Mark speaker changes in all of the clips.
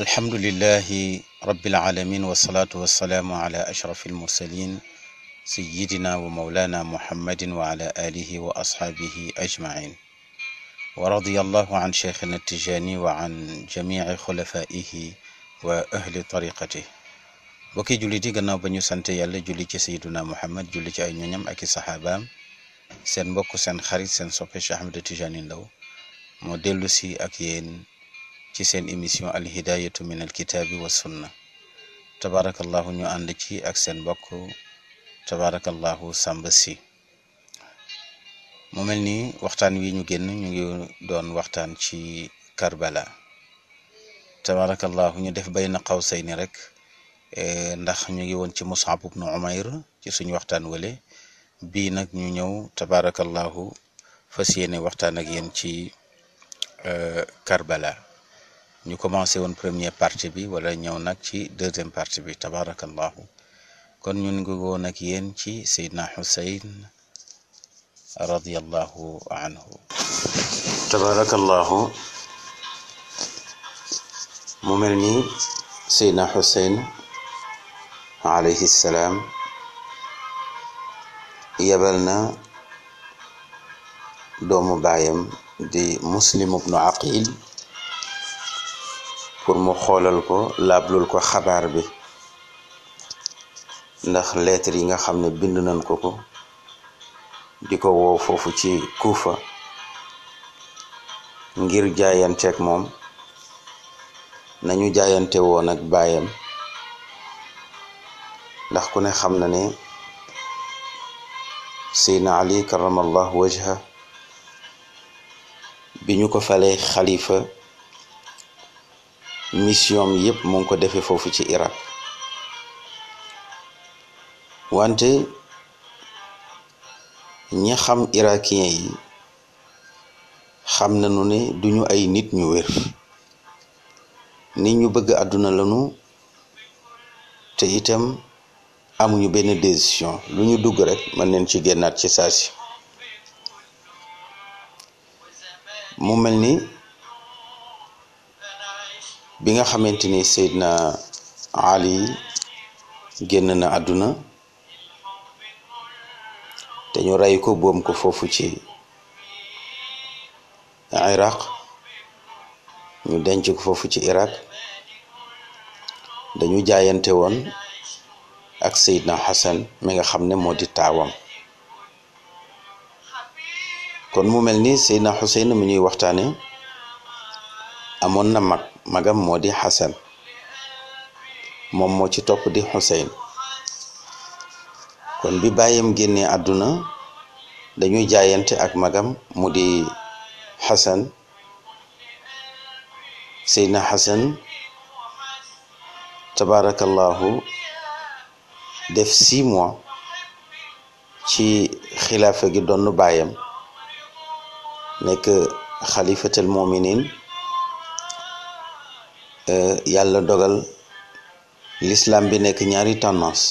Speaker 1: الحمد لله رب العالمين والصلاة والسلام على أشرف المرسلين سيدنا ومولانا محمد وعلى آله وأصحابه أجمعين ورضي الله عن شيخنا التجاني وعن جميع خلفائه وأهل طريقته وكي جلدي قلنا بني سنتي يلا سيدنا محمد جلدي أي نعم أكي صحابا سن بوكو سن خريد سن صفحة شحمد التجاني لو موديل سي أكيين ci seen émission al hidayatu min al kitaabi wa sunna tabarakallahu ñu ànd ci ak seen mbokk tabarakallahu Samba si mu mel ni waxtaan wi ñu génn ñu ngi doon waxtaan ci Karbala tabarakallahu ñu def bayna qawsayni rek e, ndax ñu ngi woon ci Mus'ab ibn Umayr ci suñu waxtaan wale bii nag ñu ñëw tabarakallahu fas yéene waxtaan ak yéen ci e, Karbala ñu commencé won premier partie bi wala ñëw nak ci deuxième partie bi tabarakallahu kon ñun ngi go nak yéen ci Seydina Xuseyn radiyallahu anhu tabarakallahu mu mel ni Seydina Xuseyn alayhi salam yabalna doomu bayam di muslim ibn aqil pour mu xoolal ko laablul ko xabaar bi ndax lettre yi nga xam ne bind nañ ko ko di ko woo foofu ci kufa ngir jaayanteeg moom nañu jaayante woon ak baayam ndax ku ne xam na ne Seydina Ali karamallahu wajha bi ñu ko falee xalifa mission mi yëpp mu ko defee foofu ci Irak wante ñi xam irakien yi xam nañu ne duñu ay nit ñu wér nit ñu bëgg àdduna lañu te itam amuñu benn décision lu ñu dugg rekk mën neen ci génnaat ci saasi mu mel ni bi nga xamante ni Seydina Ali génn na àdduna te ñu rey ko bom ko foofu ci Iraq ñu denc ko foofu ci Iraq dañu jaayante woon ak Seydina Hassan mi nga xam ne moo di taawam kon mu mel ni Seydina Hussein mi ñuy waxtaane amoon na mag magam moo di xasan moom moo ci topp di xuseyn kon bi bàyyam génnee àdduna dañuy jaayante ak magam moo di xasan seydna xasan tabarakallahu def six ci xilaafa gi donn bàyyam nekk xalifatal muminin Eh, yàlla dogal l'islam bi nekk ñaari tendance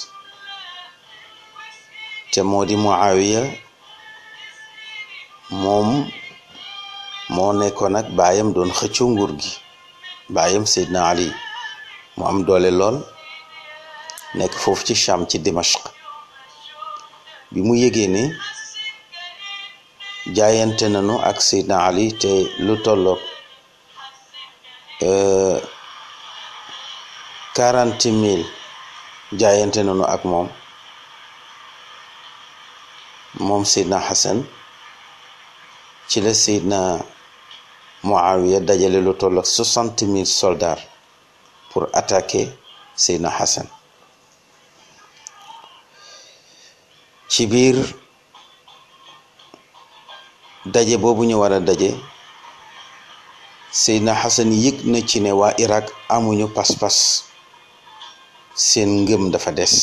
Speaker 1: te moo di Muawiya moom moo nekkoon nag baayam doon xëccu nguur gi baayam Seydina Ali mu am doole lool nekk foofu ci Sham ci Dimashq bi mu yëgee ni nañu ak Seydina Ali te lu tolloog eh, quarante mille jaayante nañu ak moom moom Seydina Xasan ci la Seydina Muawiya dajale lu toll ak soixante mille soldats pour attaquer Seydina Xasan ci biir daje boobu ñu war a daje Seydina Xasan yëg na ci ne waa Irak amuñu pas-pas seen ngëm dafa des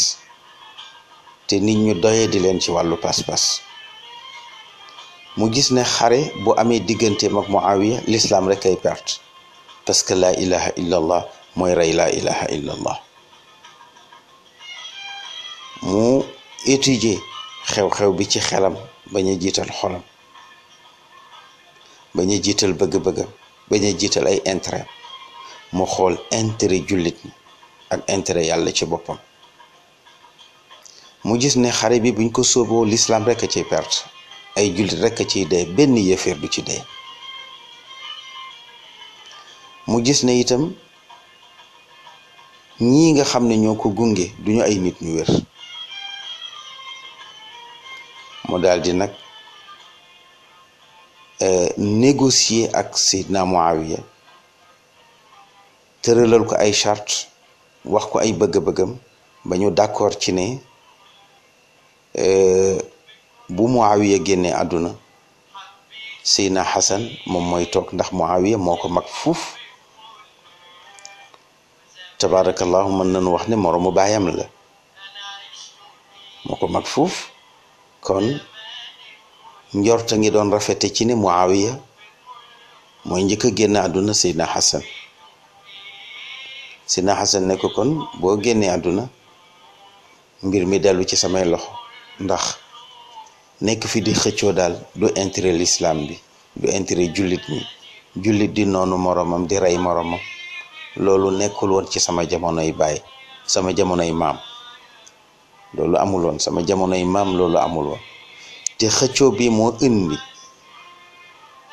Speaker 1: te nit ñu doye di leen ci wàllu pas-pas mu gis ne xare bu amee digganteem ak Muawiya lislaam rek ay perte parce que laa ilaha illa allah mooy rey laa ilaha illa allah mu étudier xew-xew bi ci xelam bañ jiital xolam bañ a jiital bëgg-bëggam bañ jiital ay intérêt mu xool intere jullit ak intérêt yàlla ci boppam mu gis ne xare bi buñ ko sooboo lislaam rekk ciy perte ay jullit rekk ciy dee benn yéeféer du ci dee mu gis ne itam ñii nga xam ne ñoo ko gunge duñu ay nit ñu wér mu daldi nag euh, négocier ak Seydina Muawiya tëralal ko ay charte wax ko ay bëgg-bëggam ba ñu d'accord ci ne euh, bu Muawiya génnee àdduna Seydina Xasan moom mooy toog ndax Muawiya moo ko mag fuuf tabarakallahu mën nañu wax ne moroomu baayam la mooko mag fuuf kon njorta ngi doon rafete ci ne Muawiya mooy njëkk a génn àdduna Seydina Xasan sina hasan ne ko kon bo genné aduna mbir mi dellu ci samay loxo ndax nek fi di xëccio dal du intérêt l'islam bi du intérêt julit ni julit di nonu moromam di ray moromam loolu nekul won ci sama yi bay sama yi mam loolu amul won sama yi mam loolu amul won te xëccio bi mo indi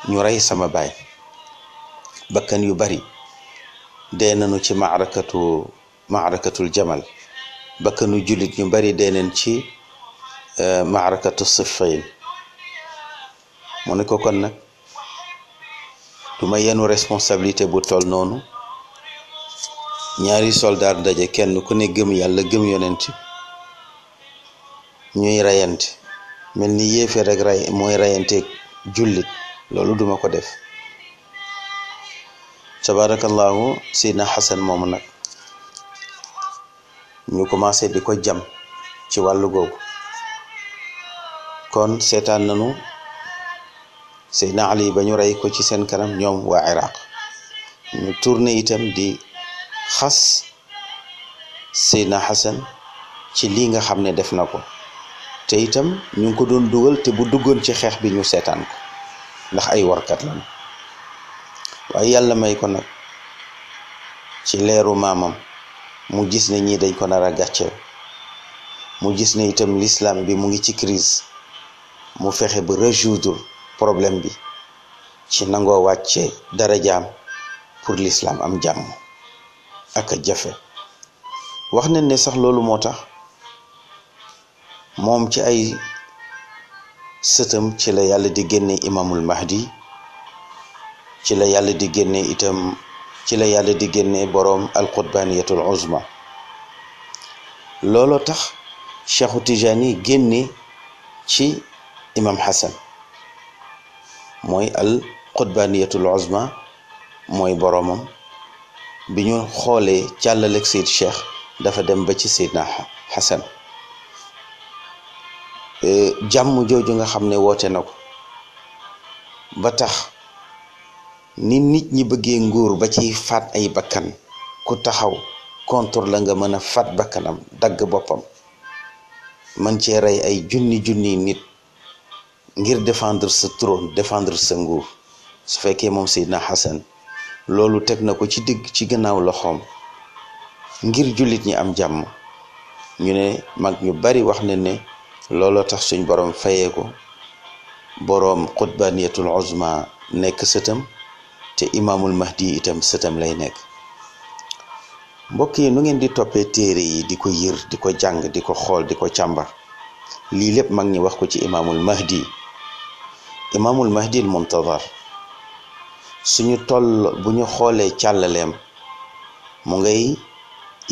Speaker 1: ñu ray sama bay, bakkan yu bari dee nañu ci maarakatu maarakatul jamal bakkanu jullit ñu bari dee nañ ci e, maarakatu siffayn moo ne ko kon nag du yenu responsabilité bu toll noonu ñaari soldaar daje kenn ku ne gëm yàlla gëm yonent ñuy rayante mel ni yéefee rek mooy rayanteeg jullit loolu duma ko def tabaarakallaahu sidna xasan moomu nag ñu commencé di ko jam ci wàllu googu kon seetaan nañu sidna ali ba ñu rey ko ci seen kanam ñoom waa iraq ñu tourné itam di xas sidna xasan ci lii nga xam ne def na ko te itam ñu ngi ko doon dugal te bu duggoon ci xeex bi ñu seetaan ko ndax ay warkat lañu waaye yàlla may ko nag ci leeru maamam mu gis ne ñii dañ ko nar a gàcceel mu gis ne itam lislaam bi mu ngi ci crise mu fexe ba résoudre problème bi ci nangoo wàcce darajaam pour l'islam am jàmm ak jafe wax nañ ne sax loolu moo tax moom ci ay sëtam ci la yàlla di génne imamul mahdi ci la yàlla di génne itam ci la yàlla di génne boroom alqutbaniyatul uzma looloo tax cheikhu tijani génne ci imam hasan mooy al qutbaniyatul uzma mooy boroomam bi ñu xoolee càllaleeg seyd cheikh dafa dem ba ci na hasan jàmm jooju nga xam ne woote na ko ba tax ni nit ñi bëggee nguur ba ci faat ay bakkan ku taxaw contre la nga mën a faat bakkanam dagg boppam man cee rey ay junni junni nit ngir defendre sa trône defendre sa nguur su fekkee moom Seydina Xasan loolu teg na ko ci digg ci gannaaw loxoom ngir jullit ñi am jàmm ñu ne mag ñu bari wax ne ne looloo tax suñ boroom fayee ko boroom xutbaniyatul uzma nekk sëtam te imaamul mahdi itam sëtam lay nekk mbokk yi nu ngeen di toppee téere yi di ko yër di ko jàng di ko xool di ko càmba lii lépp mag ñi wax ko ci imaamul mahdi imaamul mahdi al muntazar suñu toll bu ñu xoolee càllaleem mu ngay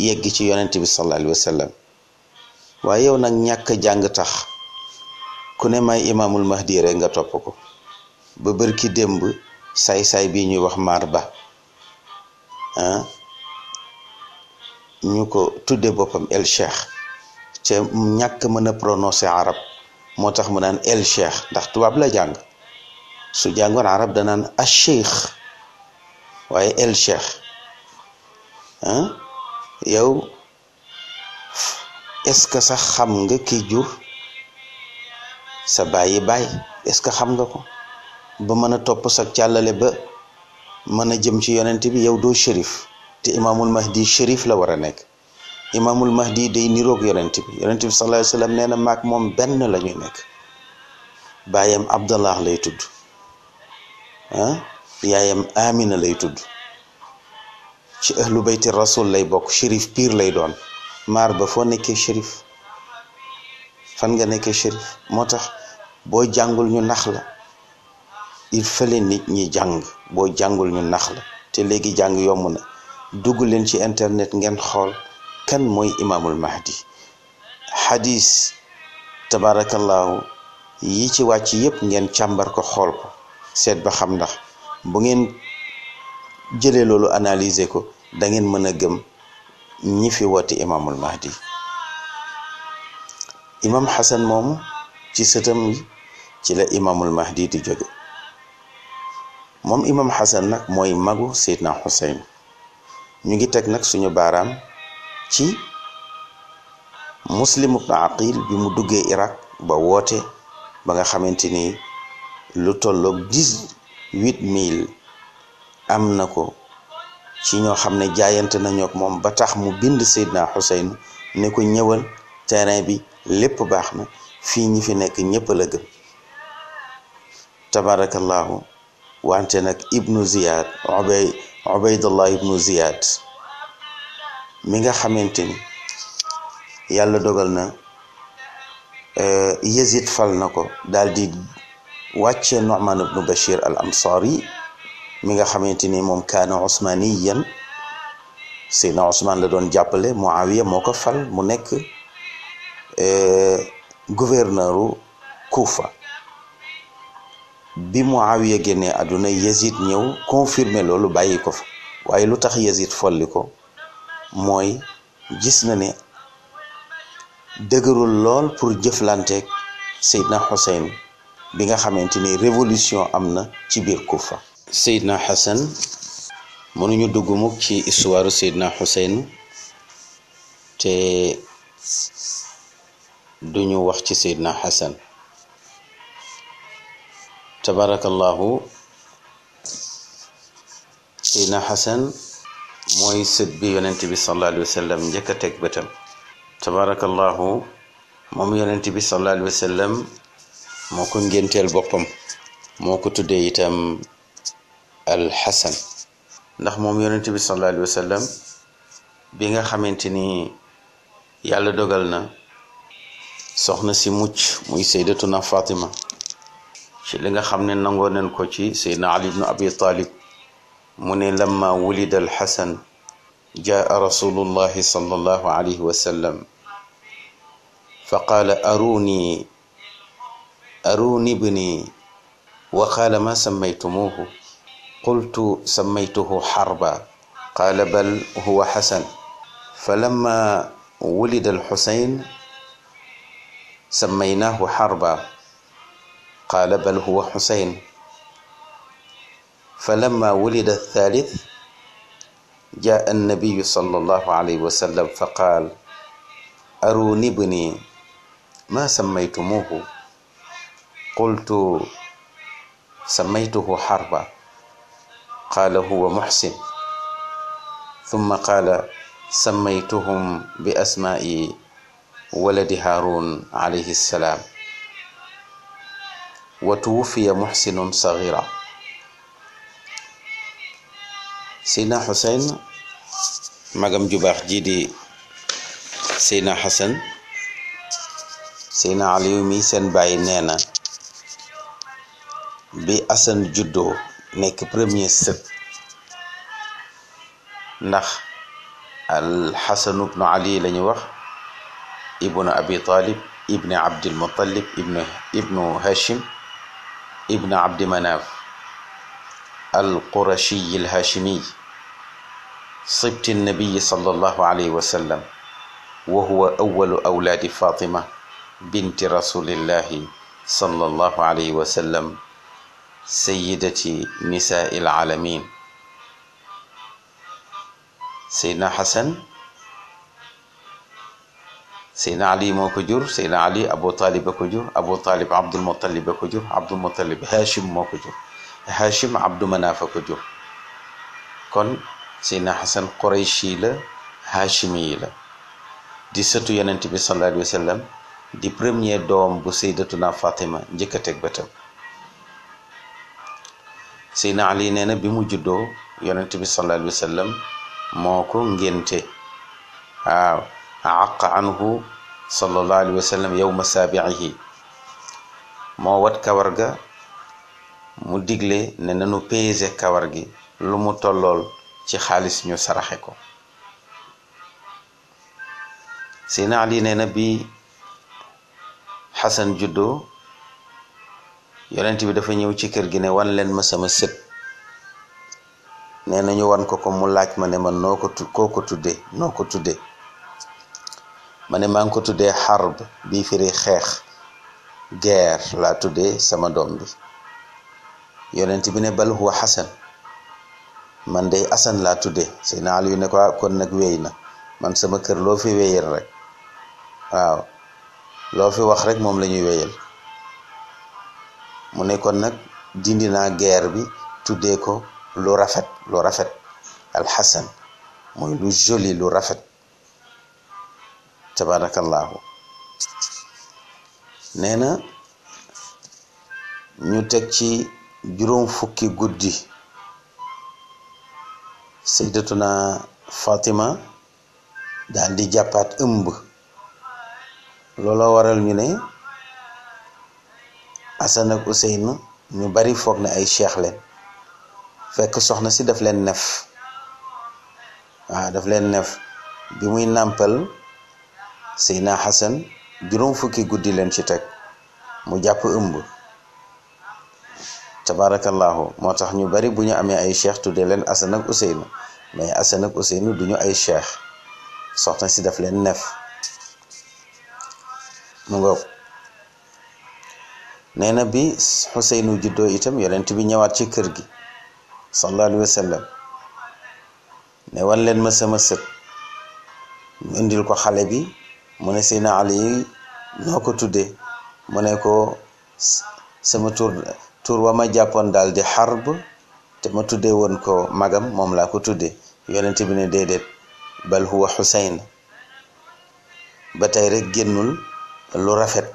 Speaker 1: yegg ci yonent bi sallallahu alayhi wa waaye yow nag ñàkk jàng tax ku ne may imaamul mahdi rek nga topp ko ba ki démb say say bi ñuy wax marba nyuko ñu ko tudde boppam el cheikh ci ñak mëna prononcer arab motax mu naan el cheikh ndax tubaab la jang su jangon arab naan al cheikh waye el cheikh yow est ce sax xam nga ki jur sa bàyyi bàyyi est ce xam nga ko ba mën a topp sa càllale ba mën a jëm ci yonent bi yow doo shérif te imaamul mahdi shérif la war a nekk imaamul mahdi day niroog yonent bi yonent bi sallallahu alayhi wa na maag moom benn la ñuy nekk baayam abdallah lay tudd ah yaayam amina lay tudd ci ahlu bayti rasul lay bokk shérif piir lay doon maar ba foo nekkee shérif fan nga nekkee shérif moo tax boo jàngul ñu nax la il fallait nit ñi jàng boo jàngul ñu nax la te léegi jàng yomb na dugg leen ci internet ngeen xool kan mooy imaamul mahdi xadis tabaarakallaahu yi ci wàcc yépp ngeen càmbar ko xool ko seet ba xam ndax bu ngeen jële loolu analyser ko da ngeen mën a gëm ñi fi woote imaamul mahdi imam xasan moomu ci sëtam ci la imamul mahdi di jóge moom imam xasan nag mooy magu seydna xuseyn ñu ngi teg nag suñu baaraam ci muslim ibn aqil bi mu duggee iraq ba woote ba nga xamante ni lu tolloog dix-huit mil am na ko ci ñoo xam ne jaayante nañook moom ba tax mu bind seydna xuseyn ne ko ñëwal terrain bi lépp baax na fii ñi fi nekk ñëpp la gëm tabarakallahu wante nag ibnu ziyad ubay ibnu ziyad mi nga xamante ni yàlla dogal na eh, Yazid fal na ko daal di wàcce Nu'man ibnu Bashir al ansari mi nga xamante ni moom kaana osmaniyan Seydina Ousmane la doon jàppale Muawiya moo ko fal mu nekk eh, gouverneuru Kufa bi Muawiya génnee àdduna Yazid ñëw confirmer loolu bàyyi ko fa waaye lu tax Yazid folli ko mooy gis na ne dëgërul lool pour jëflanteeg Seydina Hussein bi nga xamante ni révolution am na ci biir Kufa Seydina Hassan mënuñu dugg mukk ci histoire Seydina Hussein te duñu wax ci Seydina Hassan tabaarakallaahu Seydina Xasan mooy sët bi yonent bi sallallahu alayhi wa njëkk a teg bëtam tabaarakallaahu moom yonent bi sallallahu alayhi wa sallam boppam moo ko tuddee itam alxasan ndax moom yonent bi sallallahu alayhi wa sallam bi nga xamante ni yàlla dogal na soxna si mucc muy saydatuna Fatima ci li nga xam ne nangoo nañ ko ci seydna ali ibnu abi talib mu ne lamma wulida alxasan jaa rasulullahi sallallahu alayhi wa sallam aruni aruni أروني wa وقال ma سميتموه قلت سميته حربا قال بل هو حسن فلما ولد الحسين سميناه حربا قال بل هو حسين فلما ولد الثالث جاء النبي صلى الله عليه وسلم فقال أروني ابني ما سميتموه قلت سميته حربا قال هو محسن ثم قال سميتهم بأسماء ولد هارون عليه السلام وتوفي محسن صغيرا سينا حسين مغم جباخ جيدي سينا حسن سينا علي ميسن باينانا نانا بي أسن جدو نيك بريمير سب نخ الحسن بن علي لن ابن أبي طالب ابن عبد المطلب ابن, ابن هاشم ابن عبد مناف القرشي الهاشمي صبت النبي صلى الله عليه وسلم وهو أول أولاد فاطمة بنت رسول الله صلى الله عليه وسلم سيدة نساء العالمين سيدنا حسن Seydina Ali moo ko jur Seydina Ali Abu Talib a ko Abu Talib Abdul Muttalib a ko Abdul Muttalib Hachim moo ko jur Hachim Manaf a ko kon Seydina Xasan Qurayshi la Hachimi yi la di sëtu yonent bi sallallahu premier doom bu Seydatuna Fatima njëkk a teg bëtam Seydina Ali nee bi mu juddoo yonent bi sallallahu alayhi moo ko ngénte àq anhu sallallahu alayhi yow sallam yowma saabiihi moo wat kawar ga mu digle ne nanu peese kawar gi lu mu tollool ci xaalis ñu saraxe ko Seydina Ali nee na bi Xasan juddo yonent bi dafa ñëw ci kër gi ne wan leen ma sama sët nee na ñu wan ko ko mu laaj ma ne man noo ko tu koo ko tudde noo ko tudde mané ne ko tuddé harb bi firi xex guerre la tuddé sama dom bi yonent bi ne bal huwa hasan man de asan la tuddé sayna ali ne ko kon nak weyna man sama kër lo fi weyel rek waaw lo fi wax rek mom lañuy weyel mu ne kon nak dindina guerre bi tuddé ko lo rafet lo rafet hasan moy lu joli lu rafet tabaarakallaahu nee na ñu teg ci juróom fukki guddi sayyidatuna Fatima daal di jàppaat ëmb looloo waral ñu ne Asan ak ñu bari foog na ay cheikh leen fekk soxna si daf leen nef waaw daf leen nef bi muy nàmpal Seyna Xasan juróom fukki guddi leen ci teg mu jàpp ëmb tabaarakallaahu moo tax ñu bari bu ñu amee ay cheikh tudde leen Asan ak Useynu mais Asan ak Useynu duñu ay cheikh soxna si daf leen nef mu ngoog nee na bi Xuseynu juddoo itam yonent bi ñëwaat ci kër gi sallallahu alayhi wa wan leen ma sama sët ñu indil ko xale bi mu ne Seydina Ali noo ko tudde mu ne ko sama tur tur wa ma jàppoon daal di xarb te ma tuddee woon ko magam moom laa ko tudde yonent bi ne déedéet bal huwa Xuseyn ba tey rek génnul lu rafet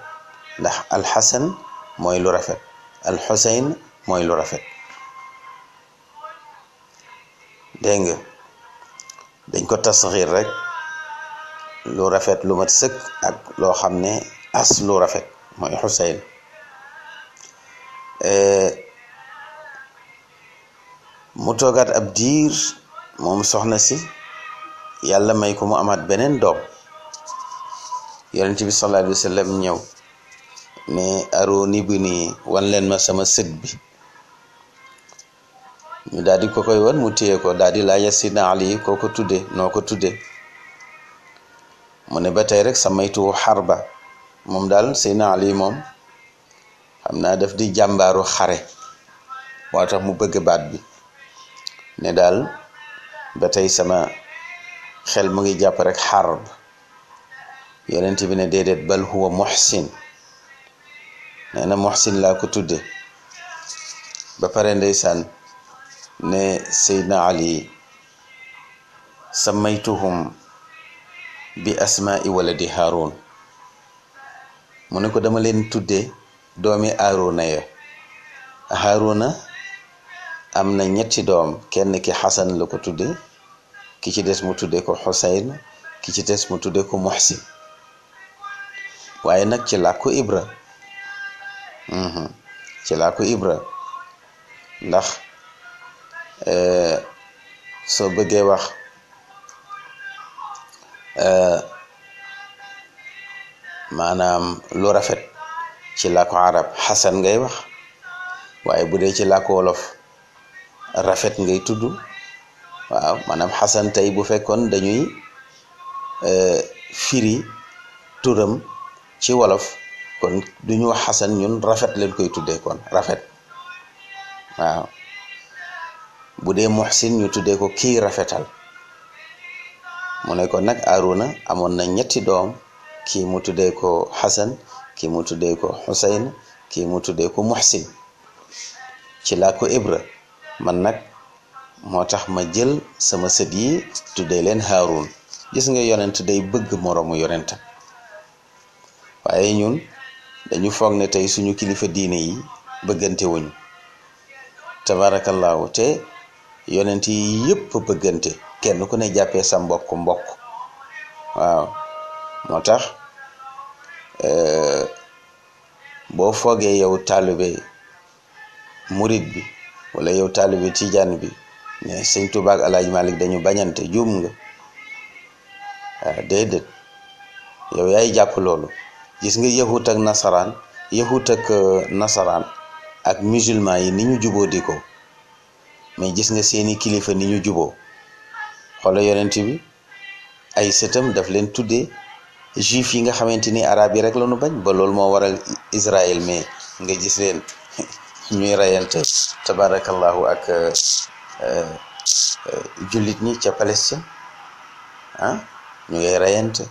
Speaker 1: ndax alxasan mooy lu rafet alxuseyn mooy lu rafet dégg nga dañ ko tasxiir rek lu rafet lu mat sëkk ak loo xam ne as lu rafet mooy xuseyn e, mu toogaat ab diir moom soxna si yàlla may ko mu amaat beneen doom yonent bi sallallahu alayhi ñëw ne arooni bi nii wan leen ma sama sët bi ñu daal di ko koy wan mu téye ko daal di laaj Sidna Ali koo ko tuddee noo ko tuddee mu ne ba tey rek samaytu xarba moom daal Seydina Ali moom xam naa def di jàmbaaru xare moo tax mu bëgg baat bi ne daal ba tey sama xel mu ngi jàpp rek xarb yonent bi ne déedéet bal huwa muhsin nee na muhsin laa ko tudde ba pare ndeysaan ne Seydina Ali samaytuhum bi asmaa i waladi Haarun mu ne ko dama leen tudde doomi Haaruna ya Haaruna am na ñetti doom kenn ki Xasan la ko tudde ki ci des mu tudde ko Xuseyn ki ci des mu tudde ko Muxsin waaye nag ci lakko Ibra mhm. ci làkku Ibra ndax eh, soo bëggee wax Euh, maanaam lu rafet ci làkku arab xasan ngay wax waaye bu dee ci làkku wolof rafet ngay tudd waaw maanaam xasan tey bu fekkoon dañuy euh, firi turam ci wolof kon du ñu wax xasan ñun rafet leen koy tuddee rafet waaw bu dee muxsin ñu tuddee ko kii rafetal mu ne ko nag Aruna amoon na ñetti doom kii mu tuddee ko Xasan kii mu tuddee ko Xuseyn kii mu tuddee ko Muxsin ci laa ko Ibra man nag moo tax ma jël sama sët yi tuddee leen Haarun gis nga yonent day bëgg moroomu yonentam waaye ñun dañu foog ne tey suñu kilifa diine yi bëggante wuñu tabaarakallaahu te yonent yi yëpp bëggante kenn ku ne jàppee sa mbokk mbokk waaw moo tax eh, boo foogee yow taalibe murit bi wala yow taalibe tijaan bi ne sëñ Tuubaa ak Alaaji Maalik dañu bañante jum nga waaw ah, déedéet yow yaay jàpp loolu gis nga yahut ak nasaraan yahut ak eh, nasaraan ak musulman yi ni ñu juboo di mais gis nga seeni kilifa ni ñu juboo xoola yonent bi ay sëtam daf leen tuddee juif yi nga xamante ni arab yi rek la ñu bañ ba loolu moo waral Israël mais nga gis leen ñuy rayante tabarakallahu ak jullit ñi ca Palestine ah ñu ngay rayante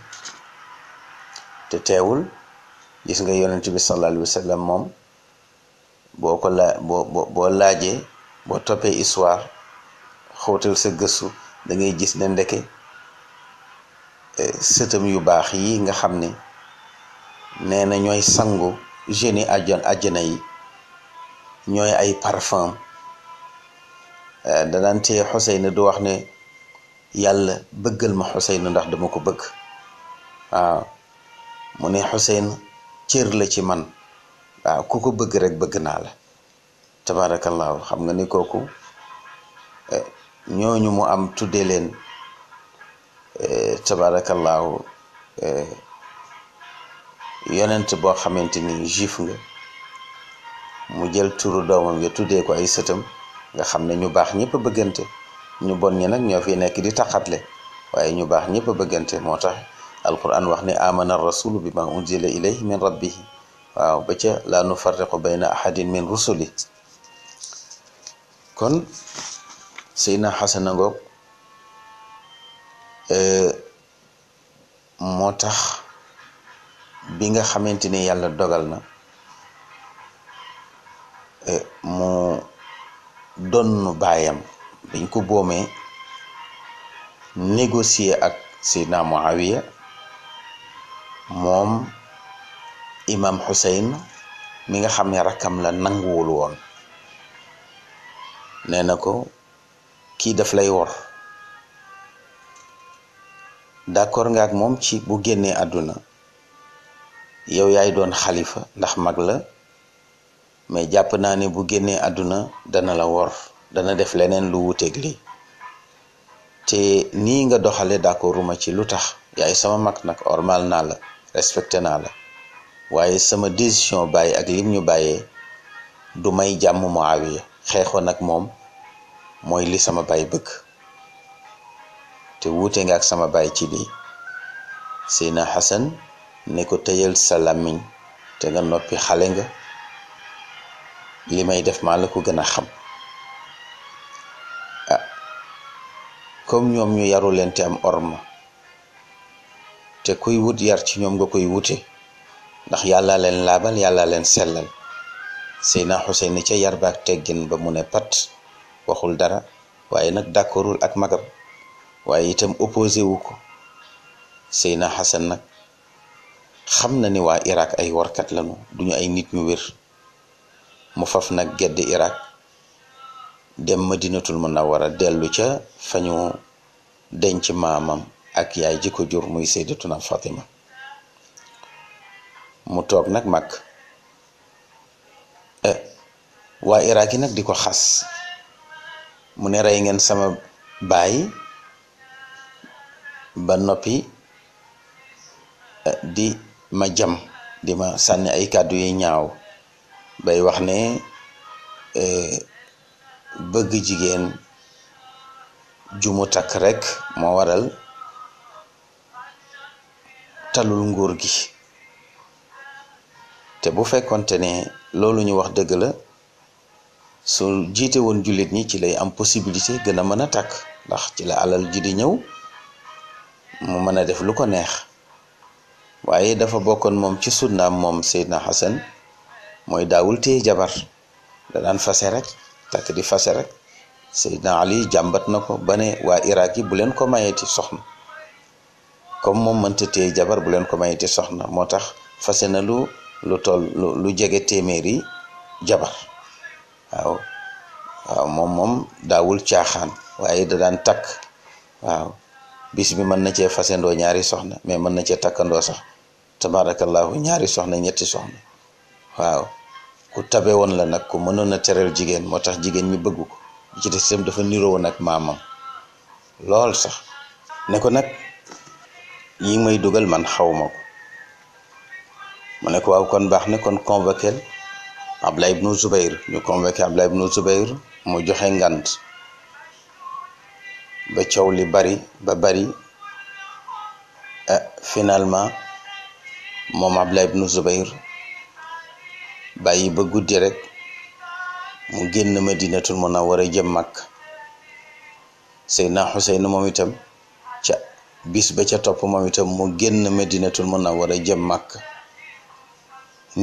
Speaker 1: te teewul gis nga yonent bi sallallahu alayhi wa sallam moom boo ko laa boo boo laajee boo toppee histoire xóotal sa gëstu dangay gis ne ndeke eh, sëtam yu baax yi nga xam ne nee na ñooy sangu jeunes yi àjjan àjjana yi ñooy ay parfum eh, danan tee Xuseyna du wax ne yàlla bëggal ma Xuseyna ndax dama ko bëgg waaw mu ne Xuseyn cër la ci man waaw ku ko bëgg rek bëgg naa la tabaarakallaahu xam nga ni kooku eh, ñooñu mu am tudde leen e, tabaarakallaahu e, yonent boo xamante ni juif nga mu jël turu doomam nga tuddee ko ay sëtam nga xam ne ñu baax ñëpp bëggante ñu bon ñi nag ñoo fi nekk di taxatle waaye ñu baax ñëpp bëggante moo tax alquran wax ne amana rasulu bi ma unzila ilayhi min rabbihi waaw ba ca laa nufarriqu bayna ahadin min rusuli kon Seydina Xasan a ngoog e, moo tax bi nga xamante ni yàlla dogal na e, mu donnu baayam dañ ko boomee négocier ak mo Muawiya moom imam Xuseyn mi nga xam ne rakkam la nanguwul woon nee na ko kii daf lay wor d'accord nga ak moom ci bu génnee àdduna yow yaay doon xalifa ndax mag la mais jàpp naa ne bu génnee àdduna dana la wor dana def leneen lu wuteeg li te nii nga doxale d'accorduma ci lu tax yaay sama mag nag ormal naa la respecté naa la waaye sama décision bàyyi ak lim ñu bàyyee du may jàmm Muawiya xeexoon ak moom mooy li sama baay bëgg te wuute nga ak sama baay ci lii Seyna Xasan ne ko tëyal sa làmmiñ te nga noppi xale nga li may def maa la ko gën a xam ah comme ñoom ñu yaru leen te am orma te kuy wut yar ci ñoom nga koy wute ndax yàlla leen laabal yàlla leen sellal Seyna Xuseyn ca yar ba ak teggin ba mu ne pat waxul dara waaye nag d'accordul ak magam waaye itam opposé wu ko Seyna Xasan nag xam na ni waa Irak ay warkat lañu duñu ay nit ñu wér mu faf nag gedd Irak dem Madinatul Munawwara dellu ca fa ñu denc maamam ak yay ji ko jur muy Seydatuna Fatima mu toog nag mag eh, waa Irak yi nag di ko xas mu ne ngeen sama baay ba noppi eh, di ma jam di ma sànni ay kàddu yi ñaaw bay wax ne eh, bëgg jigéen jumu takk rek moo waral talul nguur gi te bu fekkonte ne loolu ñu wax dëgg la su jiite woon julit ñi ci lay am possibilité gën a mën a takk ndax ci la alal ji di ñëw mu mën a def lu ko neex waaye dafa bokkoon moom ci sunnaam moom Seydina Xasan mooy daawul téye jabar da daan fase rek takk di fase rek Seydina Ali jàmbat na ko ba ne waa Irak yi bu leen ko mayeeti soxna comme moom mënta téye jabar bu leen ko mayeeti soxna moo tax fase na lu lu toll lu jege téeméeri jabar waaw waaw moom moom daawul caaxaan waaye da daan takk waaw bis bi mën na cee fasandoo ñaari soxna mais mën na cee takkandoo sax tabaarakallaahu ñaari soxna ñetti soxna waaw ku tabe woon la nag ku mënoon na tereel jigéen moo tax jigéen mi bëggu ko ci des itam dafa niroo woon ak maamam lool sax ne ko nag yi may dugal man xaw ma ko mu ne ko waaw kon baax na kon convoqué Abdullah ibnu Zubair ñu convoqué Abdullah ibnu Zubair mu joxe ngant ba coow li bari ba bari eh, finalement moom bu ibnu Zubair bàyyi ba guddi rek mu génn Madinatul Munawwara jëm Makk Seydina Xuseyn moom itam ca bis ba ca topp moom itam mu génn Madinatul Munawwara jëm Makk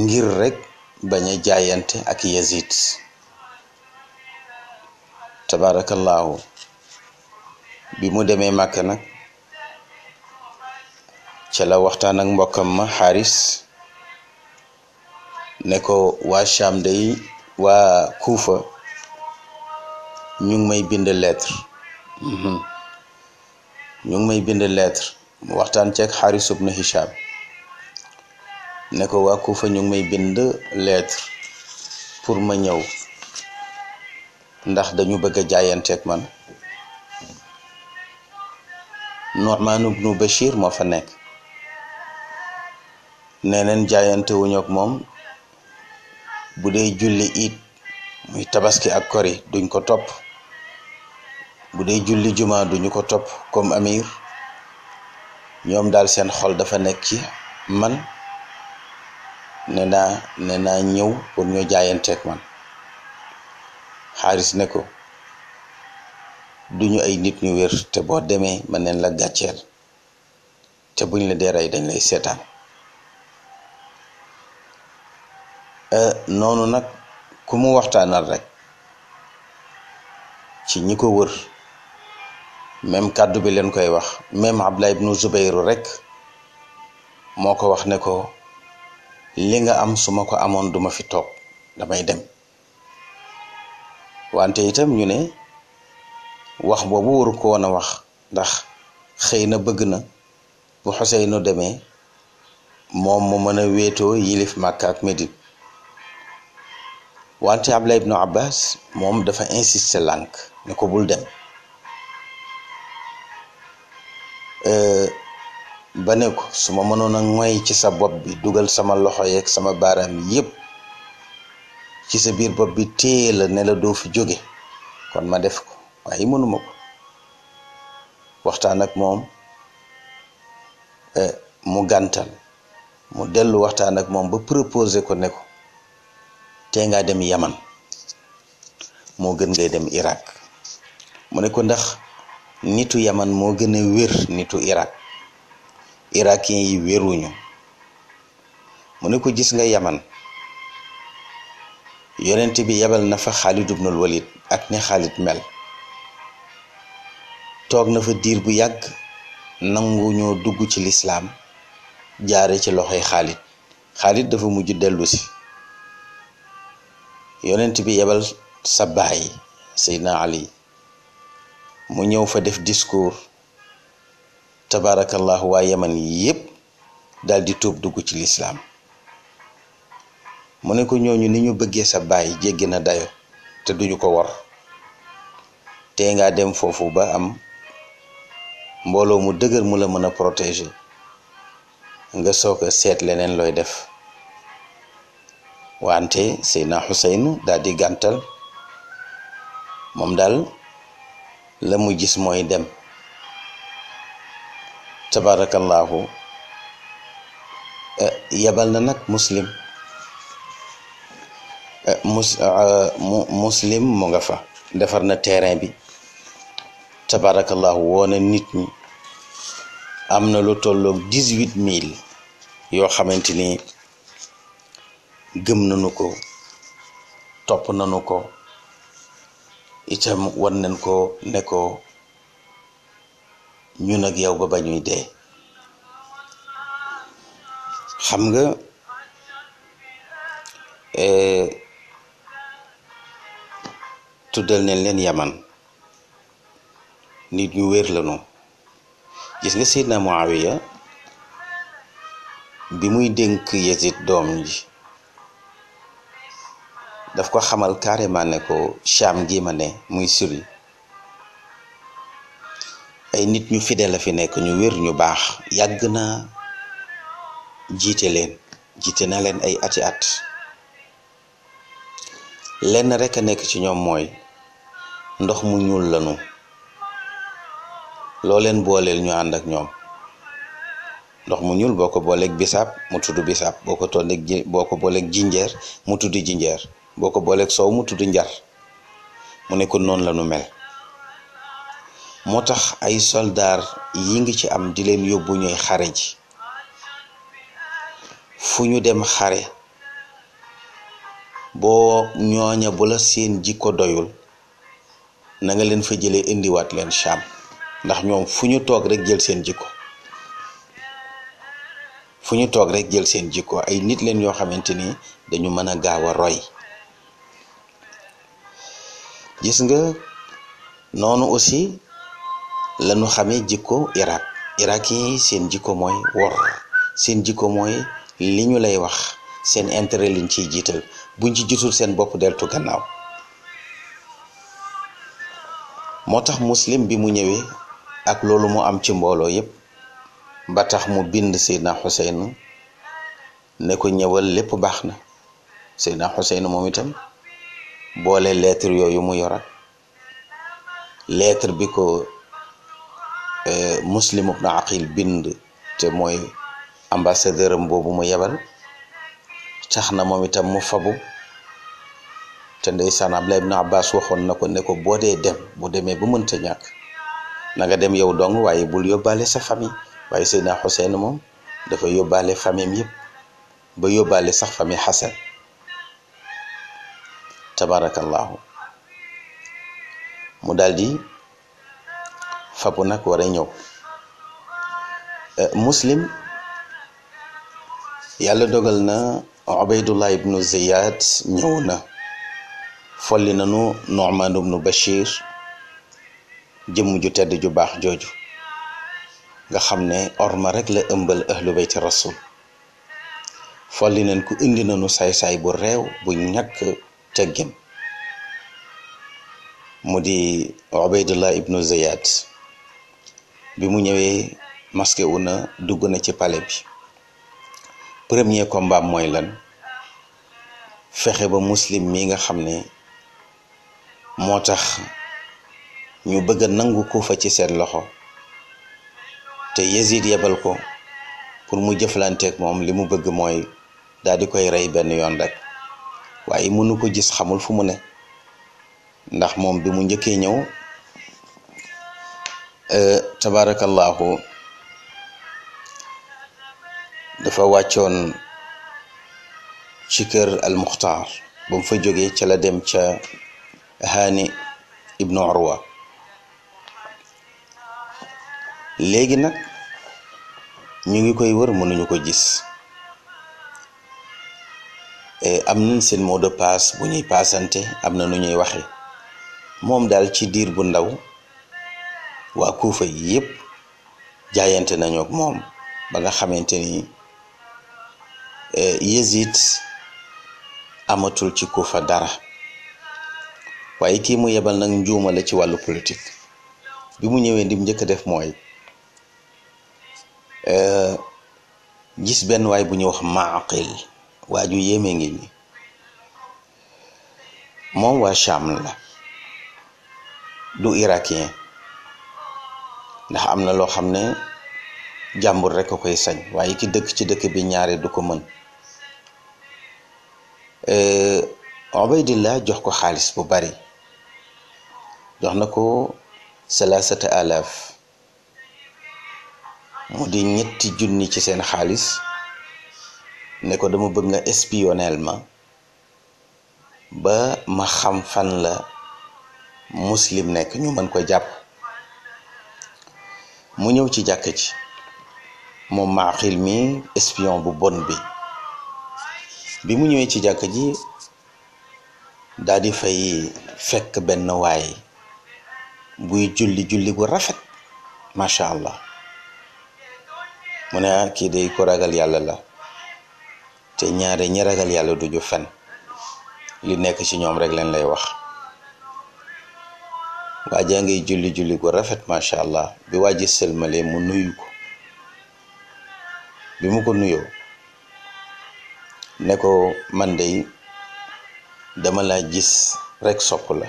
Speaker 1: ngir rek bañ a jaayante ak Yazid tabaarakallaahu bi mu demee Màkka nag ca la waxtaan ak mbokam ma Haris ne ko waa Cham day waa Kufa ñu ngi may bind lettre mhm. ñu may bind lettre mu waxtaan ceeg xaaris ibnu Hicham ne ko waa Kufa ñu may bind lettre pour ma ñëw ndax dañu bëgg a jaayanteeg man Nu'man ibnu Bachir moo fa nekk neneen jaayante wuñu ak moom bu dee julli it muy tabaski ak kori duñ ko topp bu dee julli juma duñu ko topp comme amir ñoom daal seen xol dafa nekk ci man ne naa ne naa ñëw pour ñu jaayanteeg man xaaris ne ko duñu ay nit ñu wér te boo demee mën neen la gàcceel te buñ la dee dañ lay seetaan euh, noonu nag ku mu waxtaanal rek ci ñi ko wër même kàddu bi leen koy wax même Abdallah nu Zubayru rek moo ko wax ne ko li nga am su ma ko amoon duma fi toog damay dem wante itam ñu ne wax boobu waru ko a wax ndax xëy na bëgg na bu no demee moom mu mën a wéetoo yilif Màkka ak Medine wante Abdullah ibnu Abbas moom dafa insister lank ne ko bul dem euh, baneko suma ko su ngoy ci sa bop bi dugal sama loxo yek sama baram yépp ci sa bir bop bi teel ne la do fi joge kon ma def ko way mënuma ko waxtan ak euh mu gantal mu delu waxtan ak mom ba proposer ko ne ko te nga dem yaman mo gën ngay dem iraq mu ne ko ndax nitu yaman mo gëna wër nitu iraq irakiyen yi wéruñu mu ne ko gis nga yaman yonent bi yabal na fa Xaalid ibnul Walid ak ni Xaalid mel toog na fa diir bu yàgg nangu ñoo dugg ci lislaam jaare ci loxoy Xaalid Xaalid dafa mujj dellu si yonent bi yabal sa baay Seydina Ali mu ñëw fa def discours tabaarakallahu waa yaman yépp daal di tuub dugg ci lislaam mu ne ko ñooñu ni ñu bëggee sa baay jéggi na dayo te duñu ko wor tey nga dem foofu ba am mbooloo mu dëgër mu la mën a protéger nga soog a seet leneen looy def wante Seydina Xuseyn daal di gàntal moom daal la mu gis mooy dem tabaarakallaahu eh, yebal na nag muslim eh, eh, muslim mu nga fa defar na terrain bi tabaarakallaahu woona nit ñi am na lu tolloog dix-huit mille yoo xamante ni gëm nañu ko topp nañu ko itam war nañ ko ne ko ñun ak yow ba ba ñuy dee xam nga eh, tuddal nañ leen yaman nit ñu wér lañu gis nga Seydina Muawiya bi muy dénk Yazid doom ji daf ko xamal carrément ne ko Sham gi ma ne muy Syrie ay nit ñu fidèle la fi nekk ñu wér ñu baax yàgg na jiite leen jiite na leen ay ati at lenn rek a nekk ci ñoom mooy ndox mu ñuul lanu loo leen booleel ñu ànd ak ñoom ndox mu ñuul boo ko booleeg bisaab mu tudd bisaab boo ko tolleeg ji boo ko booleeg jinjeer mu tudd jinjeer boo ko booleeg soow mu tudd njar mu ne ko noonu la mel. moo tax ay soldaar yi ngi ci am di leen yóbbu ñuy xare ji fu ñu dem xare boo ñooña bu la seen jikko doyul nanga leen fa jëlee indiwaat leen Sham ndax ñoom fu ñu toog rek jël seen jikko fu ñu toog rek jël seen jikko ay nit leen yoo xamante ni dañu mën a gaaw a roy gis nga noonu aussi lañu xamee jikko Irak Irak yi seen jikko mooy wor seen jikko mooy li ñu lay wax seen intérêt liñ ciy jiital buñ ci jiitul seen bopp deltu gannaaw moo tax muslim bi mu ñëwee ak loolu mu am ci mbooloo yépp ba tax mu bind Seydina Xuseyn ne ko ñëwal lépp baax na Seydina Xuseyn moom itam boole lettre yooyu mu yorat lettre bi ko Euh, muslim ibn aqil bind te mooy ambassadeur am boobu mu yebal tax na moom itam mu fabu te ndeysaan Abdullah ibn Abbas waxoon na ko ko boo dee dem bu demee ba mënta ñàkk na nga dem yow dong waaye bul yóbbaale sa famille waaye Seydina Xuseyn moom dafa yóbbaale famille am yëpp ba yóbbaale sax famille Xasan tabarakallahu mu daal di fabu nag war ñëw euh, muslim yàlla dogal na ubaydullah ibnu ziyad ñëw na folli nanu nu'man ibnu bashir jëmm ju tedd ju baax jooju nga xam ne orma rek la ëmbal ahlu bayti rasul folli nañ ku indi nanu saay-saay bu réew bu ñàkk teggin mu di ubaydullah ibnu ziyad bi mu ñëwee masqué wu na dugg na ci pale bi premier combat mooy lan fexe ba muslim mii nga xam ne moo tax ñu bëgg nangu ko fa ci seen loxo te Yezid yebal ko pour mu jëflanteeg moom li mu bëgg mooy daal di koy rey benn yoon rek waaye mënu ko gis xamul fu mu ne ndax moom bi mu njëkkee ñëw Eh, tabaarakallaahu dafa wàccoon ci kër al muxtaar ba mu fa jógee ca la dem ca haani ibnu urwa léegi nag ñu ngi koy wër mënuñu ko gis eh, am nañ seen mot de passe bu ñuy paasante am na nu ñuy waxe moom daal ci diir bu ndaw waa Kuufa yi yëpp jaayante nañu moom ba nga xamante ni eh, Yezid amatul ci Kuufa dara waaye kii mu yebal nag njuuma ci wàllu politik bi mu ñëwee ndim njëkk a def mooy eh, gis benn waay bu ñëw wax Maaqil waa ju ngi ni moom waa Cham la du irakien ndax am na loo xam ne jàmbur rek a koy sañ waaye ki dëkk ci dëkk bi ñaare du ko mën euh, Ubaydillah jox ko xaalis bu bari jox na ko salaasata alaaf mu di ñetti junni ci seen xaalis ne ko dama bëgg nga espionnel ma ba ma xam fan la muslim nekk ñu mën ko jàpp mu ñëw ci jàkk ji moom maaxil mi espion bu bon bi bi mu ñëwee ci jàkk ji daal di fay fekk benn waay buy julli julli gu rafet macha allah mu ne ah, kii day ko ragal yàlla la te ñaare ñi ragal yàlla duñu fen li nekk ci ñoom rek leen lay wax waajaa ngay julli julli ko rafet macha allah bi waaji sëlmalee mu nuyu ko bi mu ko nuyoo ne ko man dey dama laa jis rekk sopp la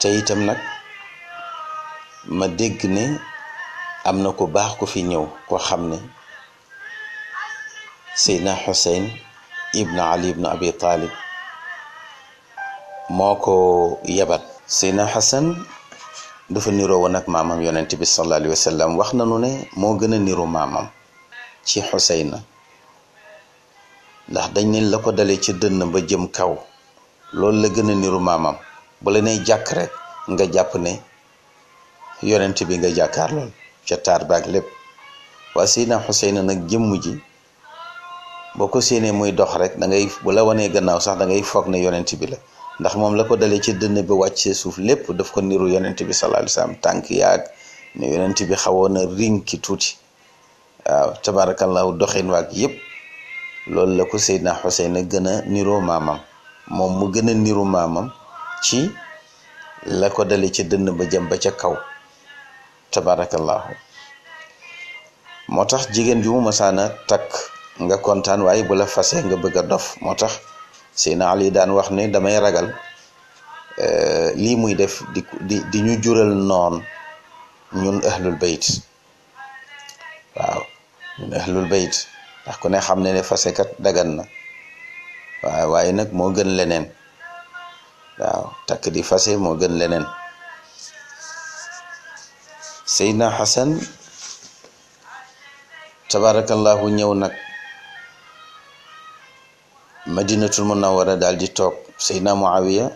Speaker 1: te itam nag ma dégg ne am na ko baax ku fi ñëw ko xam ne Seydina Xuseyn ibn Ali ibn Abi Taalib moo ko yebat Seydina Xasan dafa niroo woon ak maamam yonent bi sallallahu alayhi wa sallam wax nañu ne moo gën a niru maamam ci Xuseyna ndax dañ ne la ko dalee ca dënn ba jëm kaw loolu la gën a niru maamam bu la nee jàkk rek nga jàpp ne yonent bi nga jàkkaar lool ca taar baak lépp waa Seydina Xuseyna nag jëmm ji boo ko seenee muy dox rek da ngay bu la wanee gannaaw sax da ngay foog ne yonent bi la ndax moom la ko dalee ci dënn bi wàccee suuf lépp daf ko niru yonent bi sallallahu alayhi wasallam tànk yaag ne bi xawoon a rinki tuuti waaw tabarakallahu doxin waag yépp loolu la ko Seydina Xuseyn a gën a niroo maamam moom mu gën a niru maamam ci la ko dalee ci dënn ba jëm ba ca kaw tabarakallahu moo tax jigéen ju mu masaana takk nga kontaan waaye bu la fase nga bëgg a dof moo tax Seydina Ali daan wax ne damay ragal euh, lii muy def di di ñu jural noon ñun ahlul bayt waaw ñun ahlul ndax ku xam ne ne fasekat dagan na waaw waaye nag moo gën leneen waaw takk di fase moo gën leneen Seydina Xasan tabarakallahu ñëw nag madinatul wara daal di toog seydna muawiya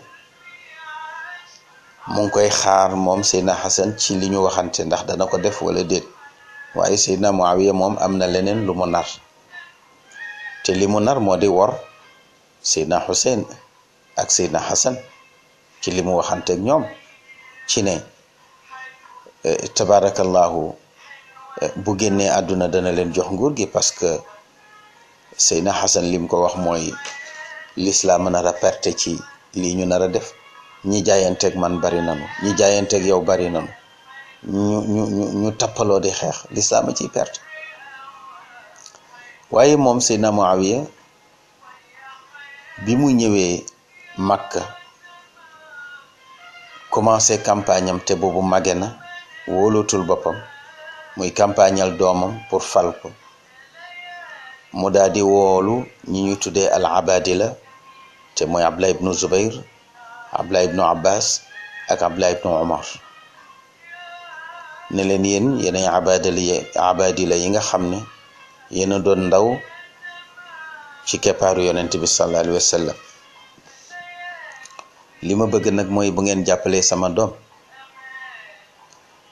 Speaker 1: mu ngi koy xaar moom seydna xasan ci li ñu waxante ndax dana ko def wala déet waaye seydna muawiya moom am na leneen lu mu nar te li mu nar moo di wor seydna xusein ak seydna xasan ci limu mu waxante ñoom ci ne eh, tabarakallahu eh, bu génnee àdduna dana leen jox nguur gi parce que Seyna Xasan lim ko wax mooy lislaam nar a perte ci lii ñu nar a def ñi jaayanteeg man bari nanu ñi jaayanteeg yow bari nanu ñu ñu tappaloo di xeex lislaam a ciy perte waaye moom Seyna Muawiya bi mu ñëwee Makka commencé campagne am te boobu mage na wóolootul boppam muy campagnal doomam pour fal ko mu daal di woolu ñi ñuy tuddee al abadila te mooy abdullah ibnu zubair abdullah ibnu abbas ak abdullah ibnu omar ne leen yéen yeneen abadila abadila yi nga xam ne yéen a doon ndaw ci keppaaru yonent bi sallallahu alayhi wa sallam li ma bëgg nag mooy bu ngeen jàppalee sama doom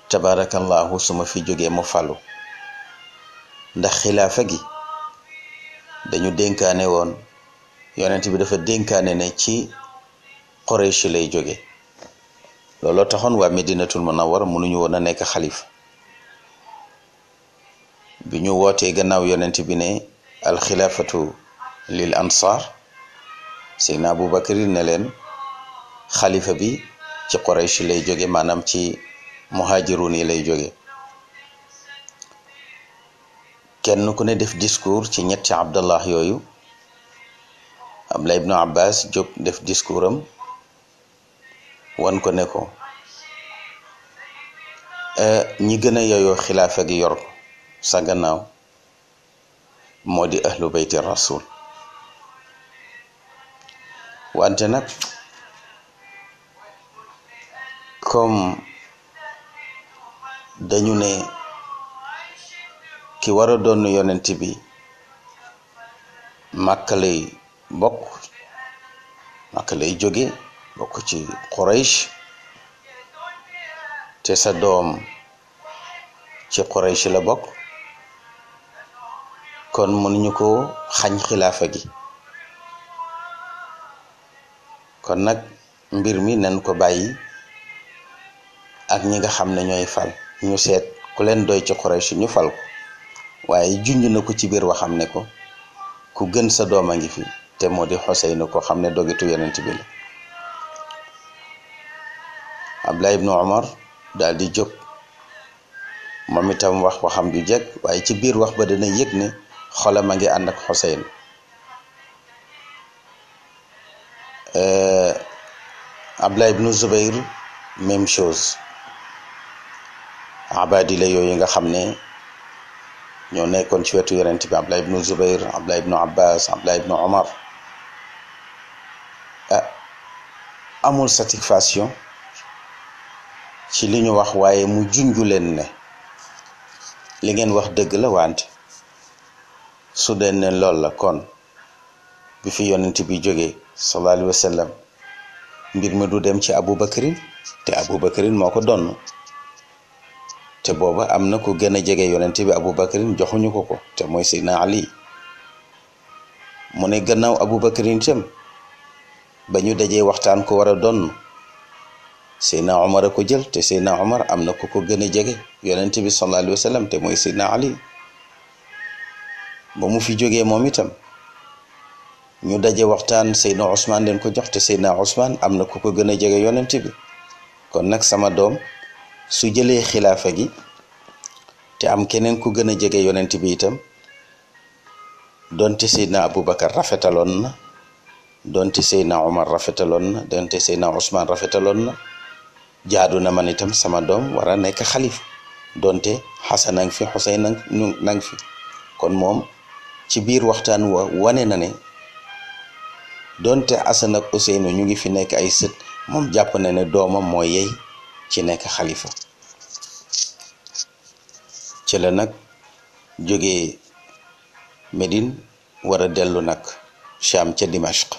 Speaker 1: tabarakallahu su ma fi jógee mu falu ndax xilaafa gi dañu dénkaane woon yonent bi dafa dénkaane ne ci Quraysh lay jóge looloo taxoon waa Medinatul ma Munawwara mënuñu woon a nekk xalifa bi ñu wootee gannaaw yonent bi ne alxilaafatu lil ansaar Seydina Abubakar ne leen xalifa bi ci Quraysh lay jóge maanaam ci muhajirun yi lay jóge kenn ku ne def discours ci ñetti abdallah yooyu abdullah ibnu abbas jóg def discours am wan ko ne ko euh, ñi gën a yeyoo xilaafa yor sa gannaaw moo di ahlu beyti rasul wante nag comme dañu ne ki war a doon yonent bi màkka lay bokk màkka lay jóge bokk ci Quraysh te sa doom ci Quraysh la bokk kon mënuñu ko xañ xilaafa gi kon nag mbir mi nañ ko bàyyi ak ñi nga xam ne ñooy fal ñu seet ku leen doy ci Quraysh ñu fal waaye junj na ko ci biir waxam ne ko ku gën sa doom a ngi fi te moo di Xuseynu ko xam ne dogitu yonent bi la Abdullah ibnu Omar daal di jóg moom itam wax waxam ju jeg waaye ci biir wax ba dana yëg ne xolam a ngi ànd ak Xuseynu eh, Abdullah ibnu Zubayr même chose abadi yooyu nga xam ne ñoo nekkoon ci wetu yonent bi Abdullah ibnu Zubair Abdullah ibnu Abbas Abdullah ibnu Omar ah, amul satisfaction ci li ñu wax waaye mu junju leen ne li ngeen wax dëgg la wante su dee ne lool la kon bi fi yonent bi jógee sallallahu alayhi wa sallam mbir mi du dem ci Abu Bakrin te Abu Bakrin moo ko donn te booba am na ku gën a jege yonent bi abubakarin joxuñu ko ko te mooy seydna ali mu ne gannaaw abubakarin itam ba ñu dajee waxtaan ko war a donn seydna omar a ko jël te seydna omar am na ku ko gën a jege yonent bi sallallahu alayhi wa mooy seydna ali ba mu fi jógee moom itam ñu daje waxtaan seydna Ousmane leen ko jox te seydna am na ku ko gën a jege yonent bi kon nag sama doom su jëlee xilaafa gi te am keneen ku gën a jege yonent bi itam donte Seydina Aboubacar rafetaloon na donte Seydina Omar rafetaloon na donte Seydina Ousmane rafetaloon na jaadu na man itam sama doom war a nekk xalif donte Xasan a ngi fi Xuseyn na fi kon moom ci biir waxtaan wa wane na ne donte Xasan ak Xuseynu ñu ngi fi nekk ay sët moom jàpp na ne doomam moo yey ci nekk xalifa ci la nag jóge Médine wara dellu nag Cham ca Dimashq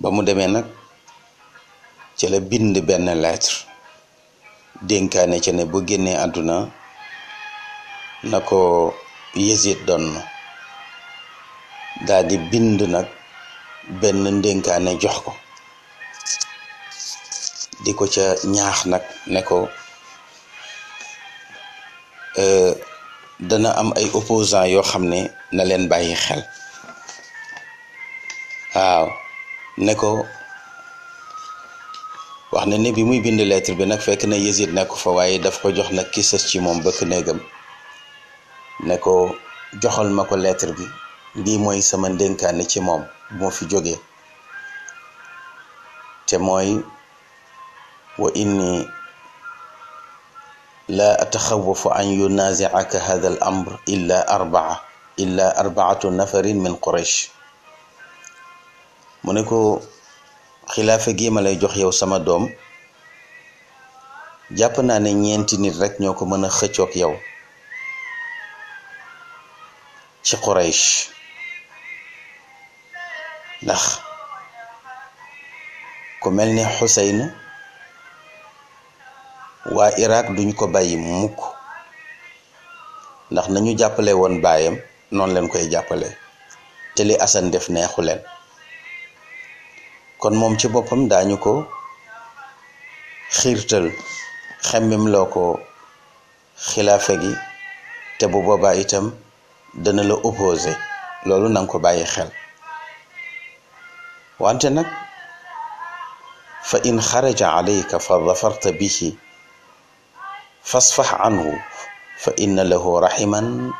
Speaker 1: ba mu demee nag ci bind benn lettre dénkaane ca ne bu génnee àdduna na ko Yezid doon daal di bind nag benn ndénkaane jox ko di ko ca ñaax nag ne ko euh, dana am ay opposants yoo xam ne na leen bàyyi xel waaw ne ko wax na ne bi muy bind lettre bi nag fekk na Yezid nekku fa waaye daf ko jox nag ki ci moom bëkk néegam ne ko joxal ma ko lettre bi lii mooy sama ndénkaane ci moom bu ma fi jógee te mooy وإني لا أتخوف أن ينازعك هذا الأمر إلا أربعة إلا أربعة نفر من قريش منكو خلافة جيما لي جوخ يو سما دوم جابنا نينتي نير رك نيوكو منا خيتوك يو شي قريش لخ كملني حسين waa Irak duñ ko bàyyi mukk ndax nañu jàppale woon baayam noonu leen koy jàppale te li Assane def neexu leen kon moom ci boppam daañu ko xiirtal xemmim loo ko xilaafe gi te bu boobaa itam dana la opposé loolu nanga ko bàyyi xel wante nag fa in xaraja alayka fa dafarta bihi فاصفح عنه فإن له رحما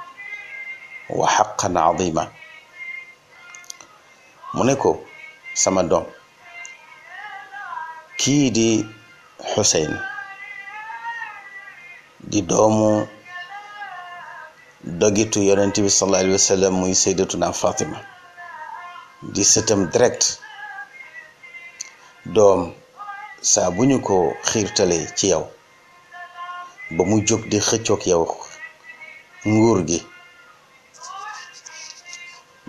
Speaker 1: وحقا عظيما منيكو سما دوم كي حسين دي دومو دغيتو يونتي صلى الله عليه وسلم موي سيدتنا فاطمه دي ستم دريكت دوم سا بونيكو خيرتالي تي ba mu jóg di xëccook yow nguur gi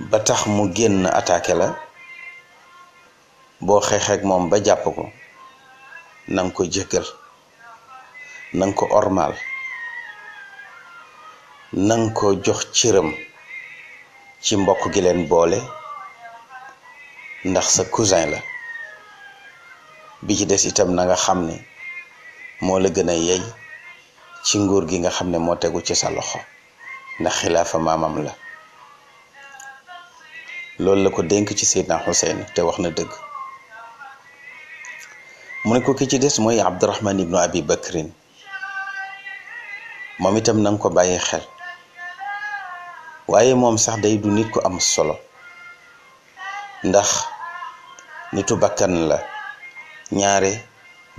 Speaker 1: ba tax mu génn attaqué la boo xeexeek moom ba jàpp ko nanga ko jëggal nanga ko ormaal nanga nga ko jox cëram ci mbokk gi leen boole ndax sa cousin la bi ci des itam na nga xam ne moo la gën a yey ci nguur gi nga xam ne moo tegu ci sa loxo ndax xilaafa maamam la loolu la ko dénk ci Seydina Xuseyn te wax na dëgg mu ne ko ki ci des mooy Abdurahman ibnu Abi bakkrin moom itam na ko bàyyi xel waaye moom sax day du nit ko am solo ndax nitu bakkan la ñaare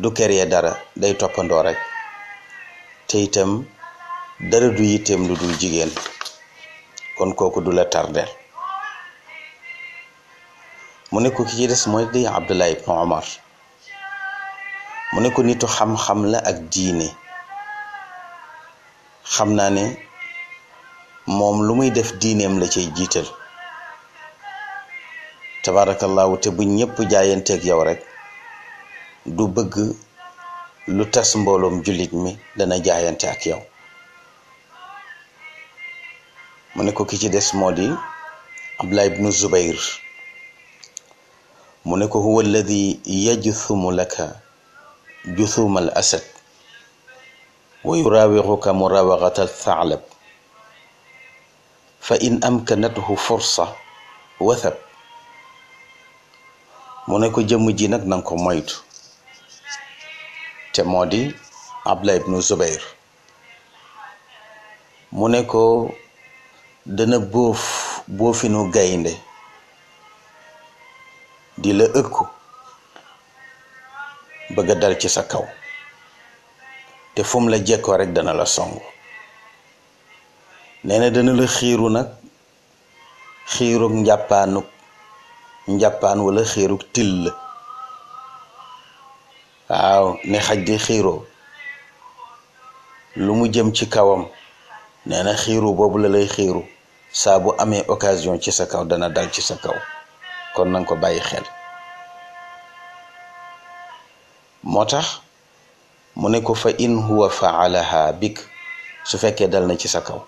Speaker 1: du kër ya dara day toppandoo rek te itam dara du yitteem lu dul jigéen kon kooku du la tardeel mu ne ki ci des mooy di Abdullah ibn Omar mu nekko ko nitu xam-xam la ak diine xam naa ne moom lu muy def diineem la ciy jiital tabaarakallaahu te bu ñëpp jaayanteeg yow rek du bëgg lu tas mbolom julit mi dana jaayante ak yow mu ne ko ki ci des moo di abdullah ibnu zubayr mu ne ko huwa alladi yajthumu laka juthuma al asad wa yurawiquka murawaqata althalab فإن أمكنته فرصة وثب مونيكو جيمو جي نك نانكو مويتو te moo di Abla ibnu Zubayr mu ne ko dana bofinu gaynde di la ëkku bëgga dal ci sa kaw te fu la jekkoo rekk dana la song nee na dana la xiiru nag xiirug njàppaanug njàppaan walla xiirug till waaw ne xaj di xiiroo lu mu jëm ci kawam nee na xiiru boobu la lay xiiru saa bu amee occasion ci sa kaw dana dal ci sa kaw kon nanga ko bàyyi xel moo tax mu ne ko fa in huwa faalaha bik su fekkee dal na ci sa kaw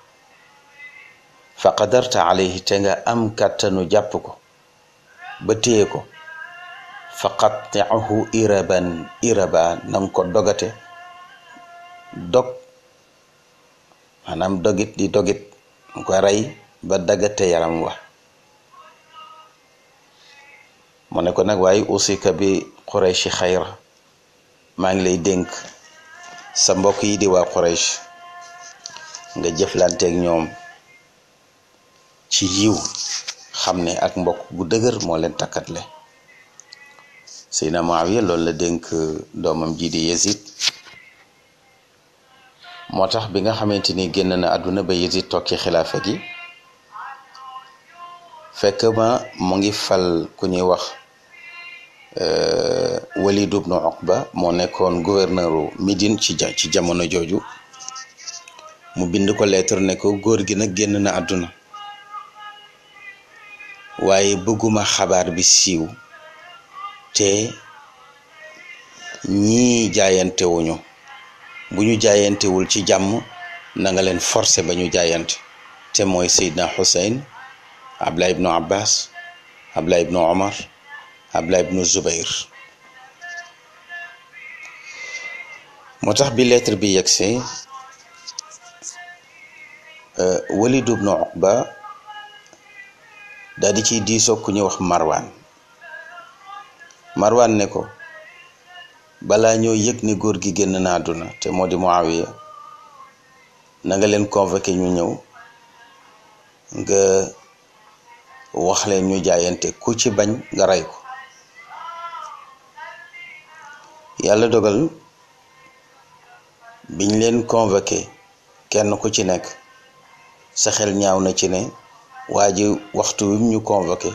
Speaker 1: fa qadarta alayhi te nga am kàttanu jàpp ko ba téye ko fa qattaahu iraban iraba nam ko dogate dog maanaam dogit di dogit ko rey ba dagate yaram wa mu ne ko nag waaye usika bi qurayshi xayra maa ngi lay dénk sa mbokk yi di waa quraysh nga jëflanteeg ñoom ci yiw xam ne ak mbokk gu dëgër moo leen takkatle sinama Muawiya loolu la dénk euh, doomam ji di moo tax bi nga xamante ni génn na àdduna ba Yazid tokki xilaafa gi fekk ma mu ngi fal ku ñuy wax euh, Walid ibn Uqba moo nekkoon gouverneur Médine ci ja ci jamono jooju mu bind ko lettre ne ko góor gi nag génn na àdduna waaye bëgguma xabaar bi siiw te ñii jaayante bu ñu jaayantewul ci jàmm na nga leen forcé ba ñu jaayante te mooy Seydina Hussein Abdullah ibnu Abbas Abdullah ibnu Omar Abdullah ibnu Zubair moo tax bi lettre bi yegsee euh, Walid ibnu Uqba daal di ciy diisoo ku ñu wax Marwan marwan ne ko balaa ñoo yëg ni góor gi génn na àdduna te moo di Muawiya na nga leen convoqué ñu ñëw nga wax ñu jaayante ku ci bañ nga rey ko yàlla dogal biñ leen convoqué kenn ku ci nekk sa xel ñaaw na ci ne waa ji waxtu wi ñu convoqué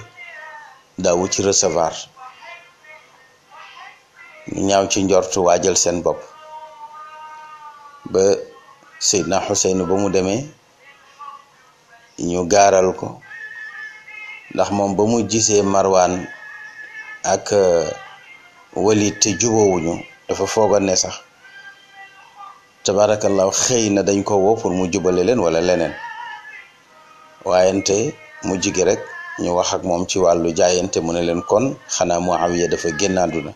Speaker 1: daawu ci recevoir ñaaw ci njortu waajal seen bopp ba Seydina Xuseynu ba mu demee ñu gaaral ko ndax moom ba mu gisee Marwaan ak euh, Walid te jubóowuñu dafa foogoon ne sax tabaarakallaahu xëy na dañ ko woo pour mu jubale leen wala leneen waayante mu jigi rek ñu wax ak moom ci wàllu jaayante mu ne leen kon xanaa Muawiya dafa génn àdduna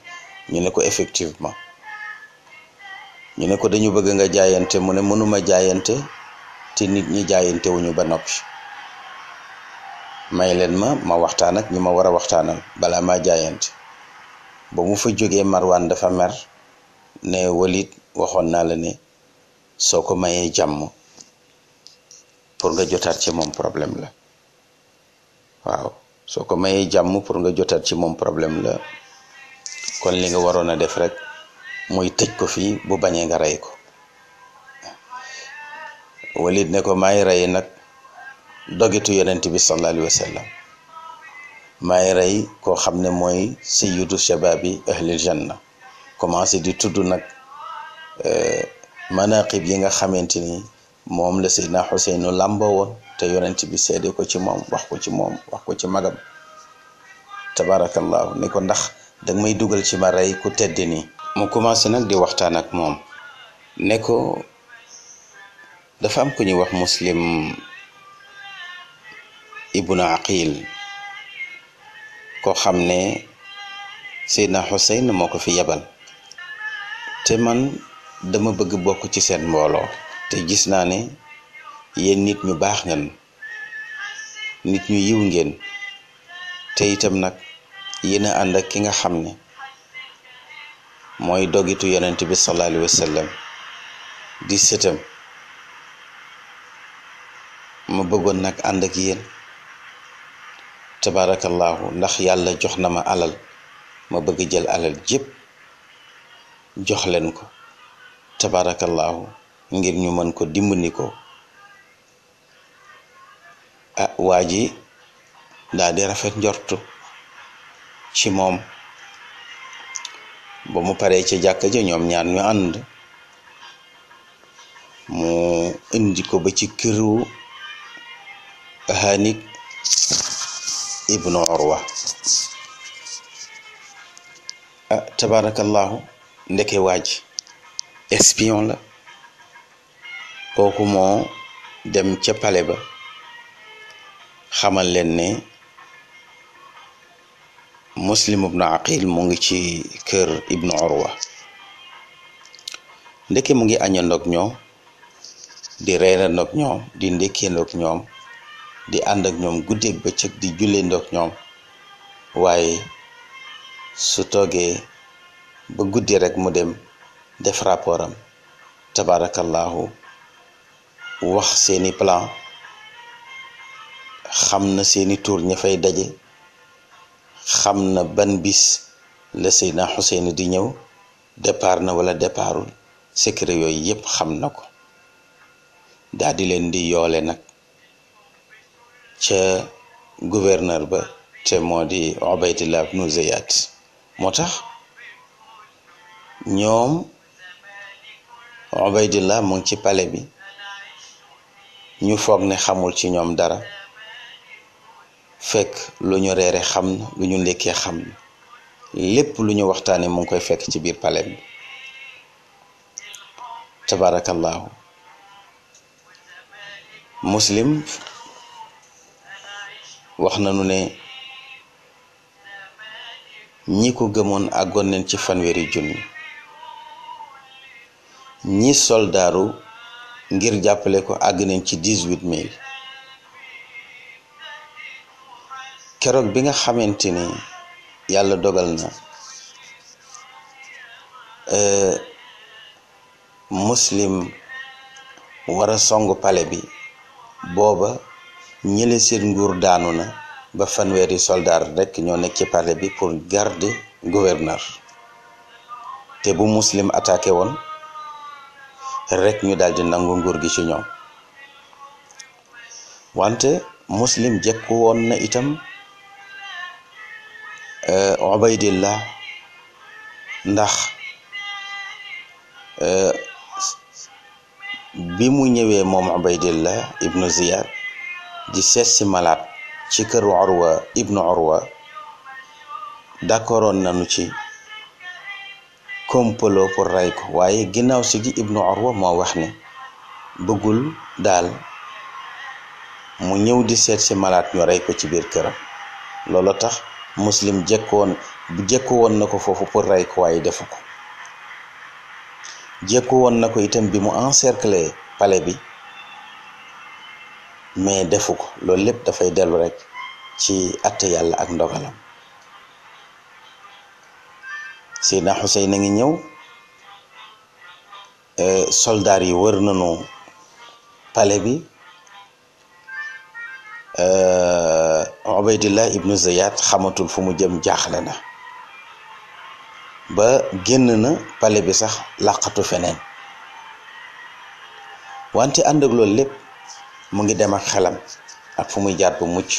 Speaker 1: ñu ne ko effectivement ñu ne ko dañu bëgg nga jaayante mu ne mënuma jaayante te nit ñi jaayante wuñu ba noppi may leen ma ma waxtaan ak ñi ma war a waxtaanal balaa maa jaayante ba mu fa jógee Marwan dafa mer ne Walid waxoon naa la ne soo ko mayee jàmm pour nga jotaat ci moom problème la waaw soo ko mayee jàmm pour nga jotaat ci moom problème la kon li nga waroon a def rek mooy tëj ko fii bu bañee nga rey ko Walid ne ko maay rey nag dogitu yonent bi sallallahu alayhi wa sallam maay rey koo xam ne mooy sayyidu shababi ahlil janna commencé di tudd nag euh, manaqib yi nga xamante ni moom la Seydina Xuseynu làmboo woon te yonent bi ko ci moom wax ko ci moom wax ko ci magam tabarakallahu ni ko ndax danga may dugal ci ma rey ku tedd ni mu commencé nag di waxtaan ak moom ne ko dafa am ku ñuy wax muslim ibnu aqil koo xam ne Seydina Xuseyn moo ko fi yebal te man dama bëgg bokk ci seen mbooloo te gis naa ne yéen nit ñu baax ngeen nit ñu yiw ngeen te itam nag yéen a ànd ak ki nga xam ne mooy dogitu yonent bi sallallahu alaihi wasallam di sëtam ma bëggoon nag ànd ak yéen ndax yàlla jox ma alal ma bëgg jël alal jépp jox leen ko tabaarakallaahu ngir ñu mën ko dimbali ko ah waa ji daal di rafet njortu ci moom ba mu paree ca jàkka ja ñoom ñaan ñu ànd mu indi ko ba ci këru Hanik ibnu Urwa ah tabaarakallaahu ndeke waaj espion la kooku moo dem ca pale ba xamal leen muslim ibnu aqil mu ngi ci kër ibnu urwa ndeke mu ngi añandoog ñoom di reerandoog ñoom di ndekkendoog ñoom di ànd ñoom guddeeg bëccëg di jullendoog ñoom waaye su toogee ba guddi rek mu dem def rapport am tabarakallahu wax seeni plan xam na seeni tur ña fay daje xam na ban bis la Seydina Xuseyn di ñëw départ na wala départul secret yooyu yépp xam na ko daal leen di yoole nag ca gouverneur ba te moo di Ubaydillah ibnu Ziyad moo tax ñoom Ubaydillah mu ngi ci pale bi ñu foog ne xamul ci ñoom dara fekk lu ñu reere xam na lu xam na lépp lu ñu waxtaane mu koy fekk ci biir pale bi tabaarakallaahu muslim wax nañu ne ñi ko gëmoon àggoon nañ ci fanweeri junni ñi soldaaru ngir jàppale ko àgg nañ ci dix-huit mille keroog bi nga xamante ni yàlla dogal na euh, muslim war a songu pale bi booba ñële seen nguur daanu na ba fanweeri soldaar rekk ñoo nekk ci pale bi pour garder gouverneur te bu muslim attaqué woon rekk ñu daldi nangu nguur gi ci ñoom wante muslim jekku woon na itam Euh, Ubaydillah ndax euh, bi mu ñëwee moom Ubaydillah ibnu Ziyad di seet si malaat ci kër Urwa ibnu Urwa d'accordoon nañu ci complot pour rey ko waaye ginnaaw si gi ibnu Urwa moo wax ne bëggul daal mu ñëw di seet ci malaat ñu rey ko ci biir këram loolu tax muslim jekkoon woon na ko foofu pour rey ko waaye defu ko jekku woon na ko itam bi mu encercler pale bi mais defu ko loolu lépp dafay dellu rekk ci atte yàlla ak ndogalam Seydina Xuseyn na ngi ñëw euh, soldaar yi wër nañu pale bi Euh, Ubaydillah ibnu Ziyad xamatul fu mu jëm jaaxle na ba génn na pale bi sax làqatu feneen wante ànd ak loolu lépp mu ngi dem xelam ak fu muy jaar bu mucc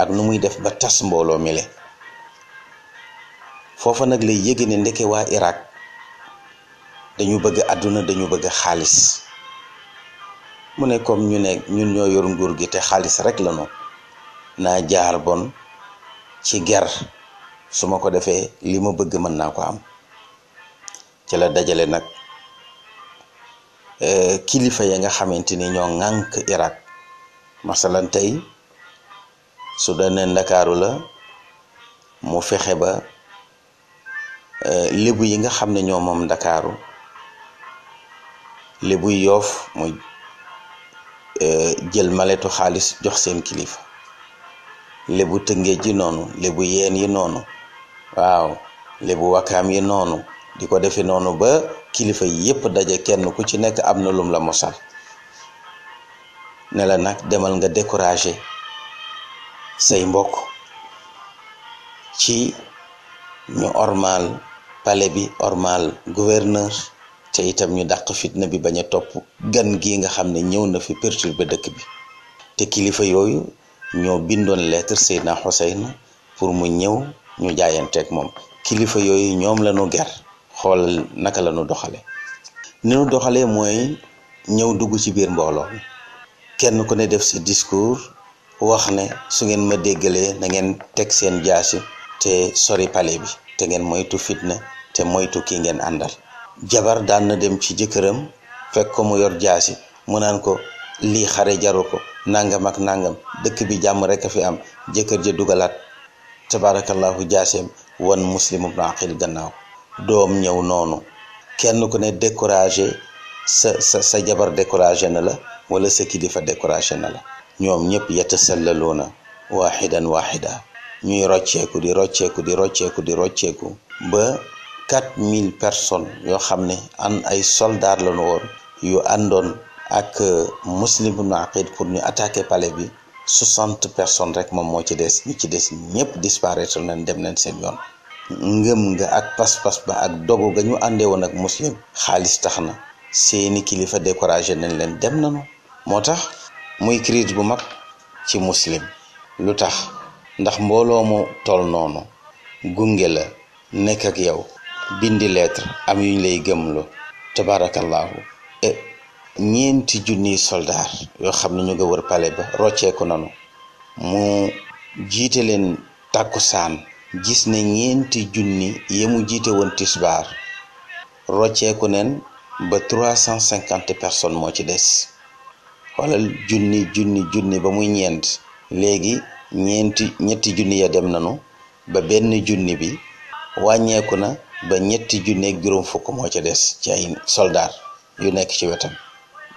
Speaker 1: ak nu muy def ba tas mbooloo mi le foofa nag lay yëge ne ndeke waa Irak dañu bëgg àdduna dañu bëgg xaalis mu ne comme ñu ne ñun ñoo yor nguur gi te xaalis rek la ñu naa jaar bon ci ger su ma ko defee li ma bëgg mën naa ko am ci la dajale nag e, kilifa ya nga xamante ni ñoo ŋànk Irak masalan tey su dana ndakaaru la mu fexe ba e, lébu yi nga xam ne ñoo ndakaaru lébu yoof muy Eh, jël maletu xaalis jox seen kilifa lébu tëngéej ji noonu lébu yeen yi noonu waaw lébu wakaam yi noonu di ko defe noonu ba kilifa yi yépp daje kenn ku ci nekk am na lum la mosal ne la nag demal nga décourager say mbokk ci ñu ormal palais bi ormal gouverneur te itam ñu daq fitna bi bañ a topp gan gi nga xam ne ñëw na fi ba dëkk bi te kilifa yooyu ñoo bindoon lettre Seydina Xuseyn pour mu ñëw ñu teg moom kilifa yooyu ñoom lanu ñu xool naka la ñu doxale ni ñu doxalee mooy ñëw dugg ci biir mbooloo kenn ku ne def sa discours wax ne su ngeen ma déggalee na ngeen teg seen jaasi te sori pale bi te ngeen moytu fitna te moytu ki ngeen àndal jabar daan na dem ci jëkkëram fekk ko mu yor jaasi mu naan ko lii xare jaru ko nangam ak nangam dëkk bi jàmm rek a fi am jëkkër ja dugalaat tabarakallahu jaaseem wan muslim ibnu aqil gannaaw doom ñëw noonu kenn ku ne découragé sa sa jabar découragé na la wala sa kilifa découragé na la ñoom ñëpp yatasallaluuna waxidan waxida ñuy rocceeku di rocceeku di rocceeku di rocceeku ba quatre mille personnes yoo xam ne an ay soldats lañu woon yu àndoon ak euh, muslim ibn aqid pour ñu attaquer pale bi soixante personnes rek moom moo ci des ñu ci des ñëpp disparaître nañ dem nañ seen yoon. ngëm nga ak pas ak dogu ga àndee woon ak muslim xaalis tax na seeni kilifa découragé nañ leen dem nañu moo tax muy crise bu mag ci muslim lu tax ndax mbooloo mu toll noonu gunge la nekk ak yow bindi lettre am yuñ lay gëmloo tabaarakallaahu e eh, ñeenti junniy soldaar yoo xam ne ñu nga wër pale ba rocceeku nanu mu jiite leen tàkkusaan gis ne ñeenti junni mu jiite woon tisbaar rocceeku neen ba trois cinquante personnes moo ci des wala junni junni junni ba muy ñeent léegi ñeenti ñetti junni ya dem nanu ba benn junni bi wàññeeku na ba ñetti junneeg juróom fukk moo ca des ci ay soldaar yu nekk ci wetam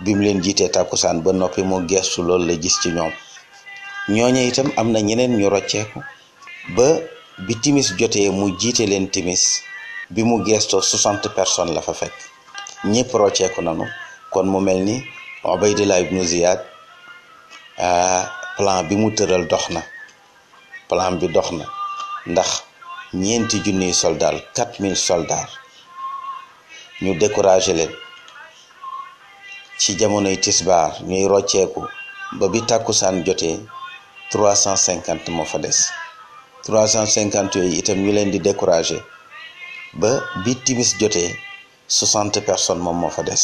Speaker 1: bi mu leen jiitee tàkkusaan ba noppi mu gestu loolu la gis ci ñoom ñooñu itam am na ñeneen ñu rocceeku ba bi timis jotee mu jiite leen timis bi mu geestoo soixante personnes la fa fekk ñépp rocceeku nanu kon mu mel ni Ubaydullah ibnu Ziyad ah, plan bi mu tëral dox na plan bi dox na ndax ñeenti junniy soldaar quatre mille soldaar ñu découragé leen ci jamonoy tisbaar ñuy rocceeku ba bi tàkkusaan jotee trois cent cinquante moo fa des trois cent cinquante yooyu itam ñu leen di découragé ba bi timis jotee soixante personnes moom moo fa des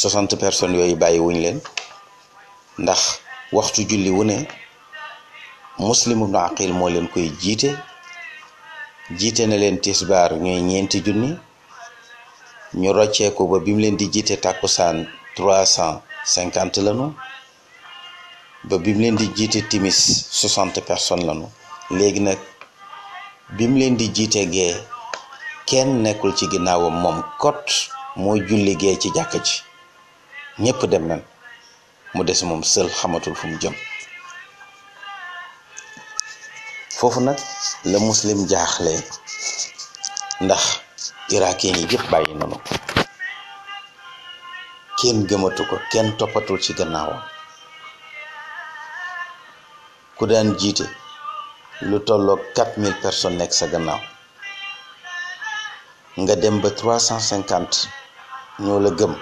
Speaker 1: soixante personnes yooyu bàyyiwuñ leen ndax waxtu julli wu ne muslim ibnu aqil moo leen koy jiite jiite na leen tisbaar ñooy ñeenti junni ñu rocceeku ba bi mu leen di jiite takkusaan trois cinquante lanu ba bi leen di jiite timis soixante personnes lanu léegi nag bi mu leen di jiite gee kenn nekkul ci ginnaawam moom kot moo julli gee ci jàkk ci ñépp dem nañ mu des moom sël xamatul fu mu jëm foofu nag la muslim jaaxle ndax irakien yi yëpp bàyyi nanu kenn gëmatu ko kenn toppatul ci gannaawam ku daan jiite lu tolloog 4000 personnes nekk sa gannaaw nga dem ba 350 ñoo la gëm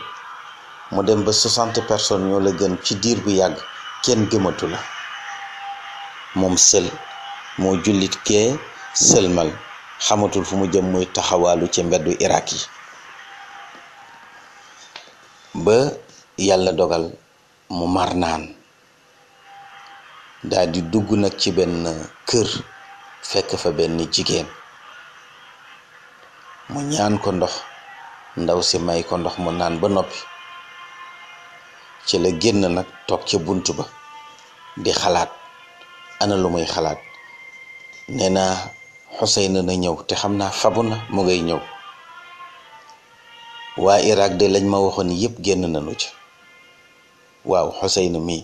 Speaker 1: mu dem ba 60 personnes ñoo la gëm ci diir bu yàgg kenn gëmatu la moom sel moo jullit kee sëlmal xamatul fu mu jëm muy taxawaalu ci mbeddu Irak yi ba yàlla dogal mu mar naan daal di dugg nag ci benn kër fekk fa benn jigéen mu ñaan ko ndox ndaw si may ko ndox mu naan ba noppi ci la génn nag toog ca bunt ba di xalaat ana lu muy xalaat nee naa Xuseyn na ñëw te xam naa fabu na mu ngay ñëw waa Irak de lañ ma waxoon yépp génn nañu ci waaw Xuseyn mii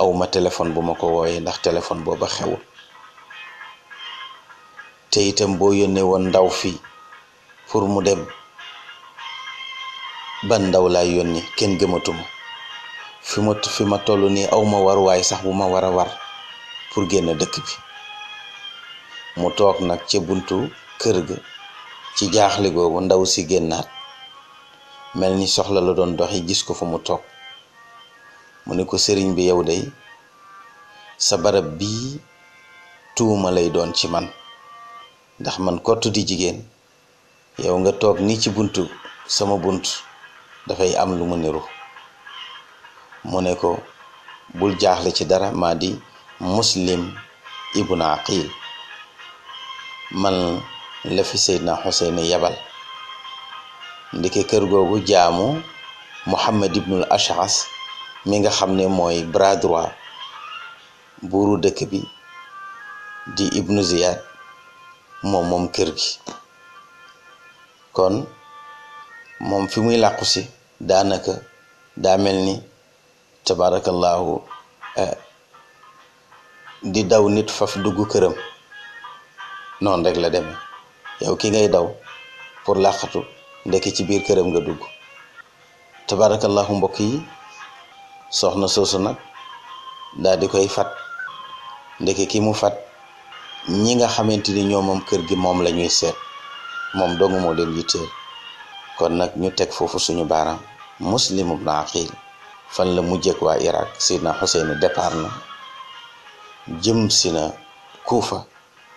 Speaker 1: aw ma téléphone bu ma ko wooyee ndax téléphone booba xewul te itam boo yónnee woon ndaw fii pour mu dem ban ndaw laa yónni kenn gëmatuma fi ma fi ma toll nii aw waruwaay sax bu ma war a war pour génn dëkk bi. mu toog nag ci buntu kër ga ci jaaxle googu ndaw si génnaat mel ni soxla la doon doxi gis ko fa mu toog mu ne ko sëriñ bi yow day sa barab bii tuuma lay doon ci man ndax man kott di jigéen yow nga toog ni ci buntu sama bunt dafay am lu mu niru mu ne ko bul jaaxle ci dara maa di muslim ibnu aqil man la fi Seydina Xuseeni yabal ndike kër googu jaamu Muhammad ibnul Ashas mi nga xam ne mooy bras droit buuru dëkk bi di Ibnu Ziyad moom kër gi kon moom fi muy làqu daanaka daa mel ni tabaarakallaahu eh, di daw nit faf dugg këram noonu rek la demee yow ki ngay daw pour làqatu ndekki ci biir këram nga dugg tabarakallahu mbokk yi soxna soosu nag daal di koy fat ndekki ki mu fat ñi nga xamante ni ñoo moom kër gi moom la ñuy seet moom dong moo leen yitteel kon nag ñu teg foofu suñu baaraam muslim ibnu aqil fan la mujjëg waa iraq sidna xuseyn départ na jëm si na kuufa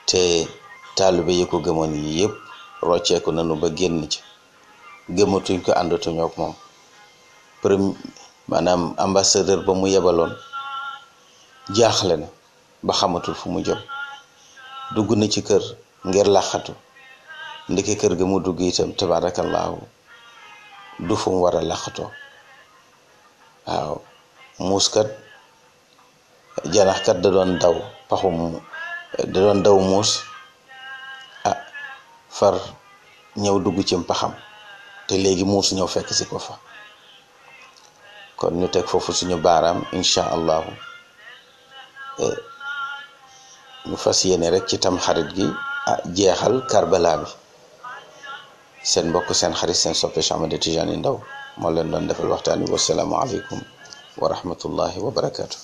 Speaker 1: te taalibe yi ko gëmoon yi yëpp rocceeku nañu ba génn ci gëmatuñ ko àndatuñoo ak moom premier maanaam ambassadeur ba mu yebaloon jaaxle na ba xamatul fu mu jëm dugg na ci kër ngir laxatu ndeke kër ga mu dugg itam tabaarakallaahu du fu mu war a laxatoo waaw muuskat janaxkat da doon daw paxum da daw muus far ñëw dugg ci mpaxam te léegi muus ñëw fekk si ko fa kon ñu teg foofu suñu baaraam incha allahu eh, ñu fas yéene rek ci tam xarit gi a ah, jeexal karbala bi seen mbokk seen xarit seen soppe Cheikh Ahmed Tidiane ndaw moo leen doon defal waxtaan wi wasalaamu aleykum wa rahmatullahi wa barakaatu.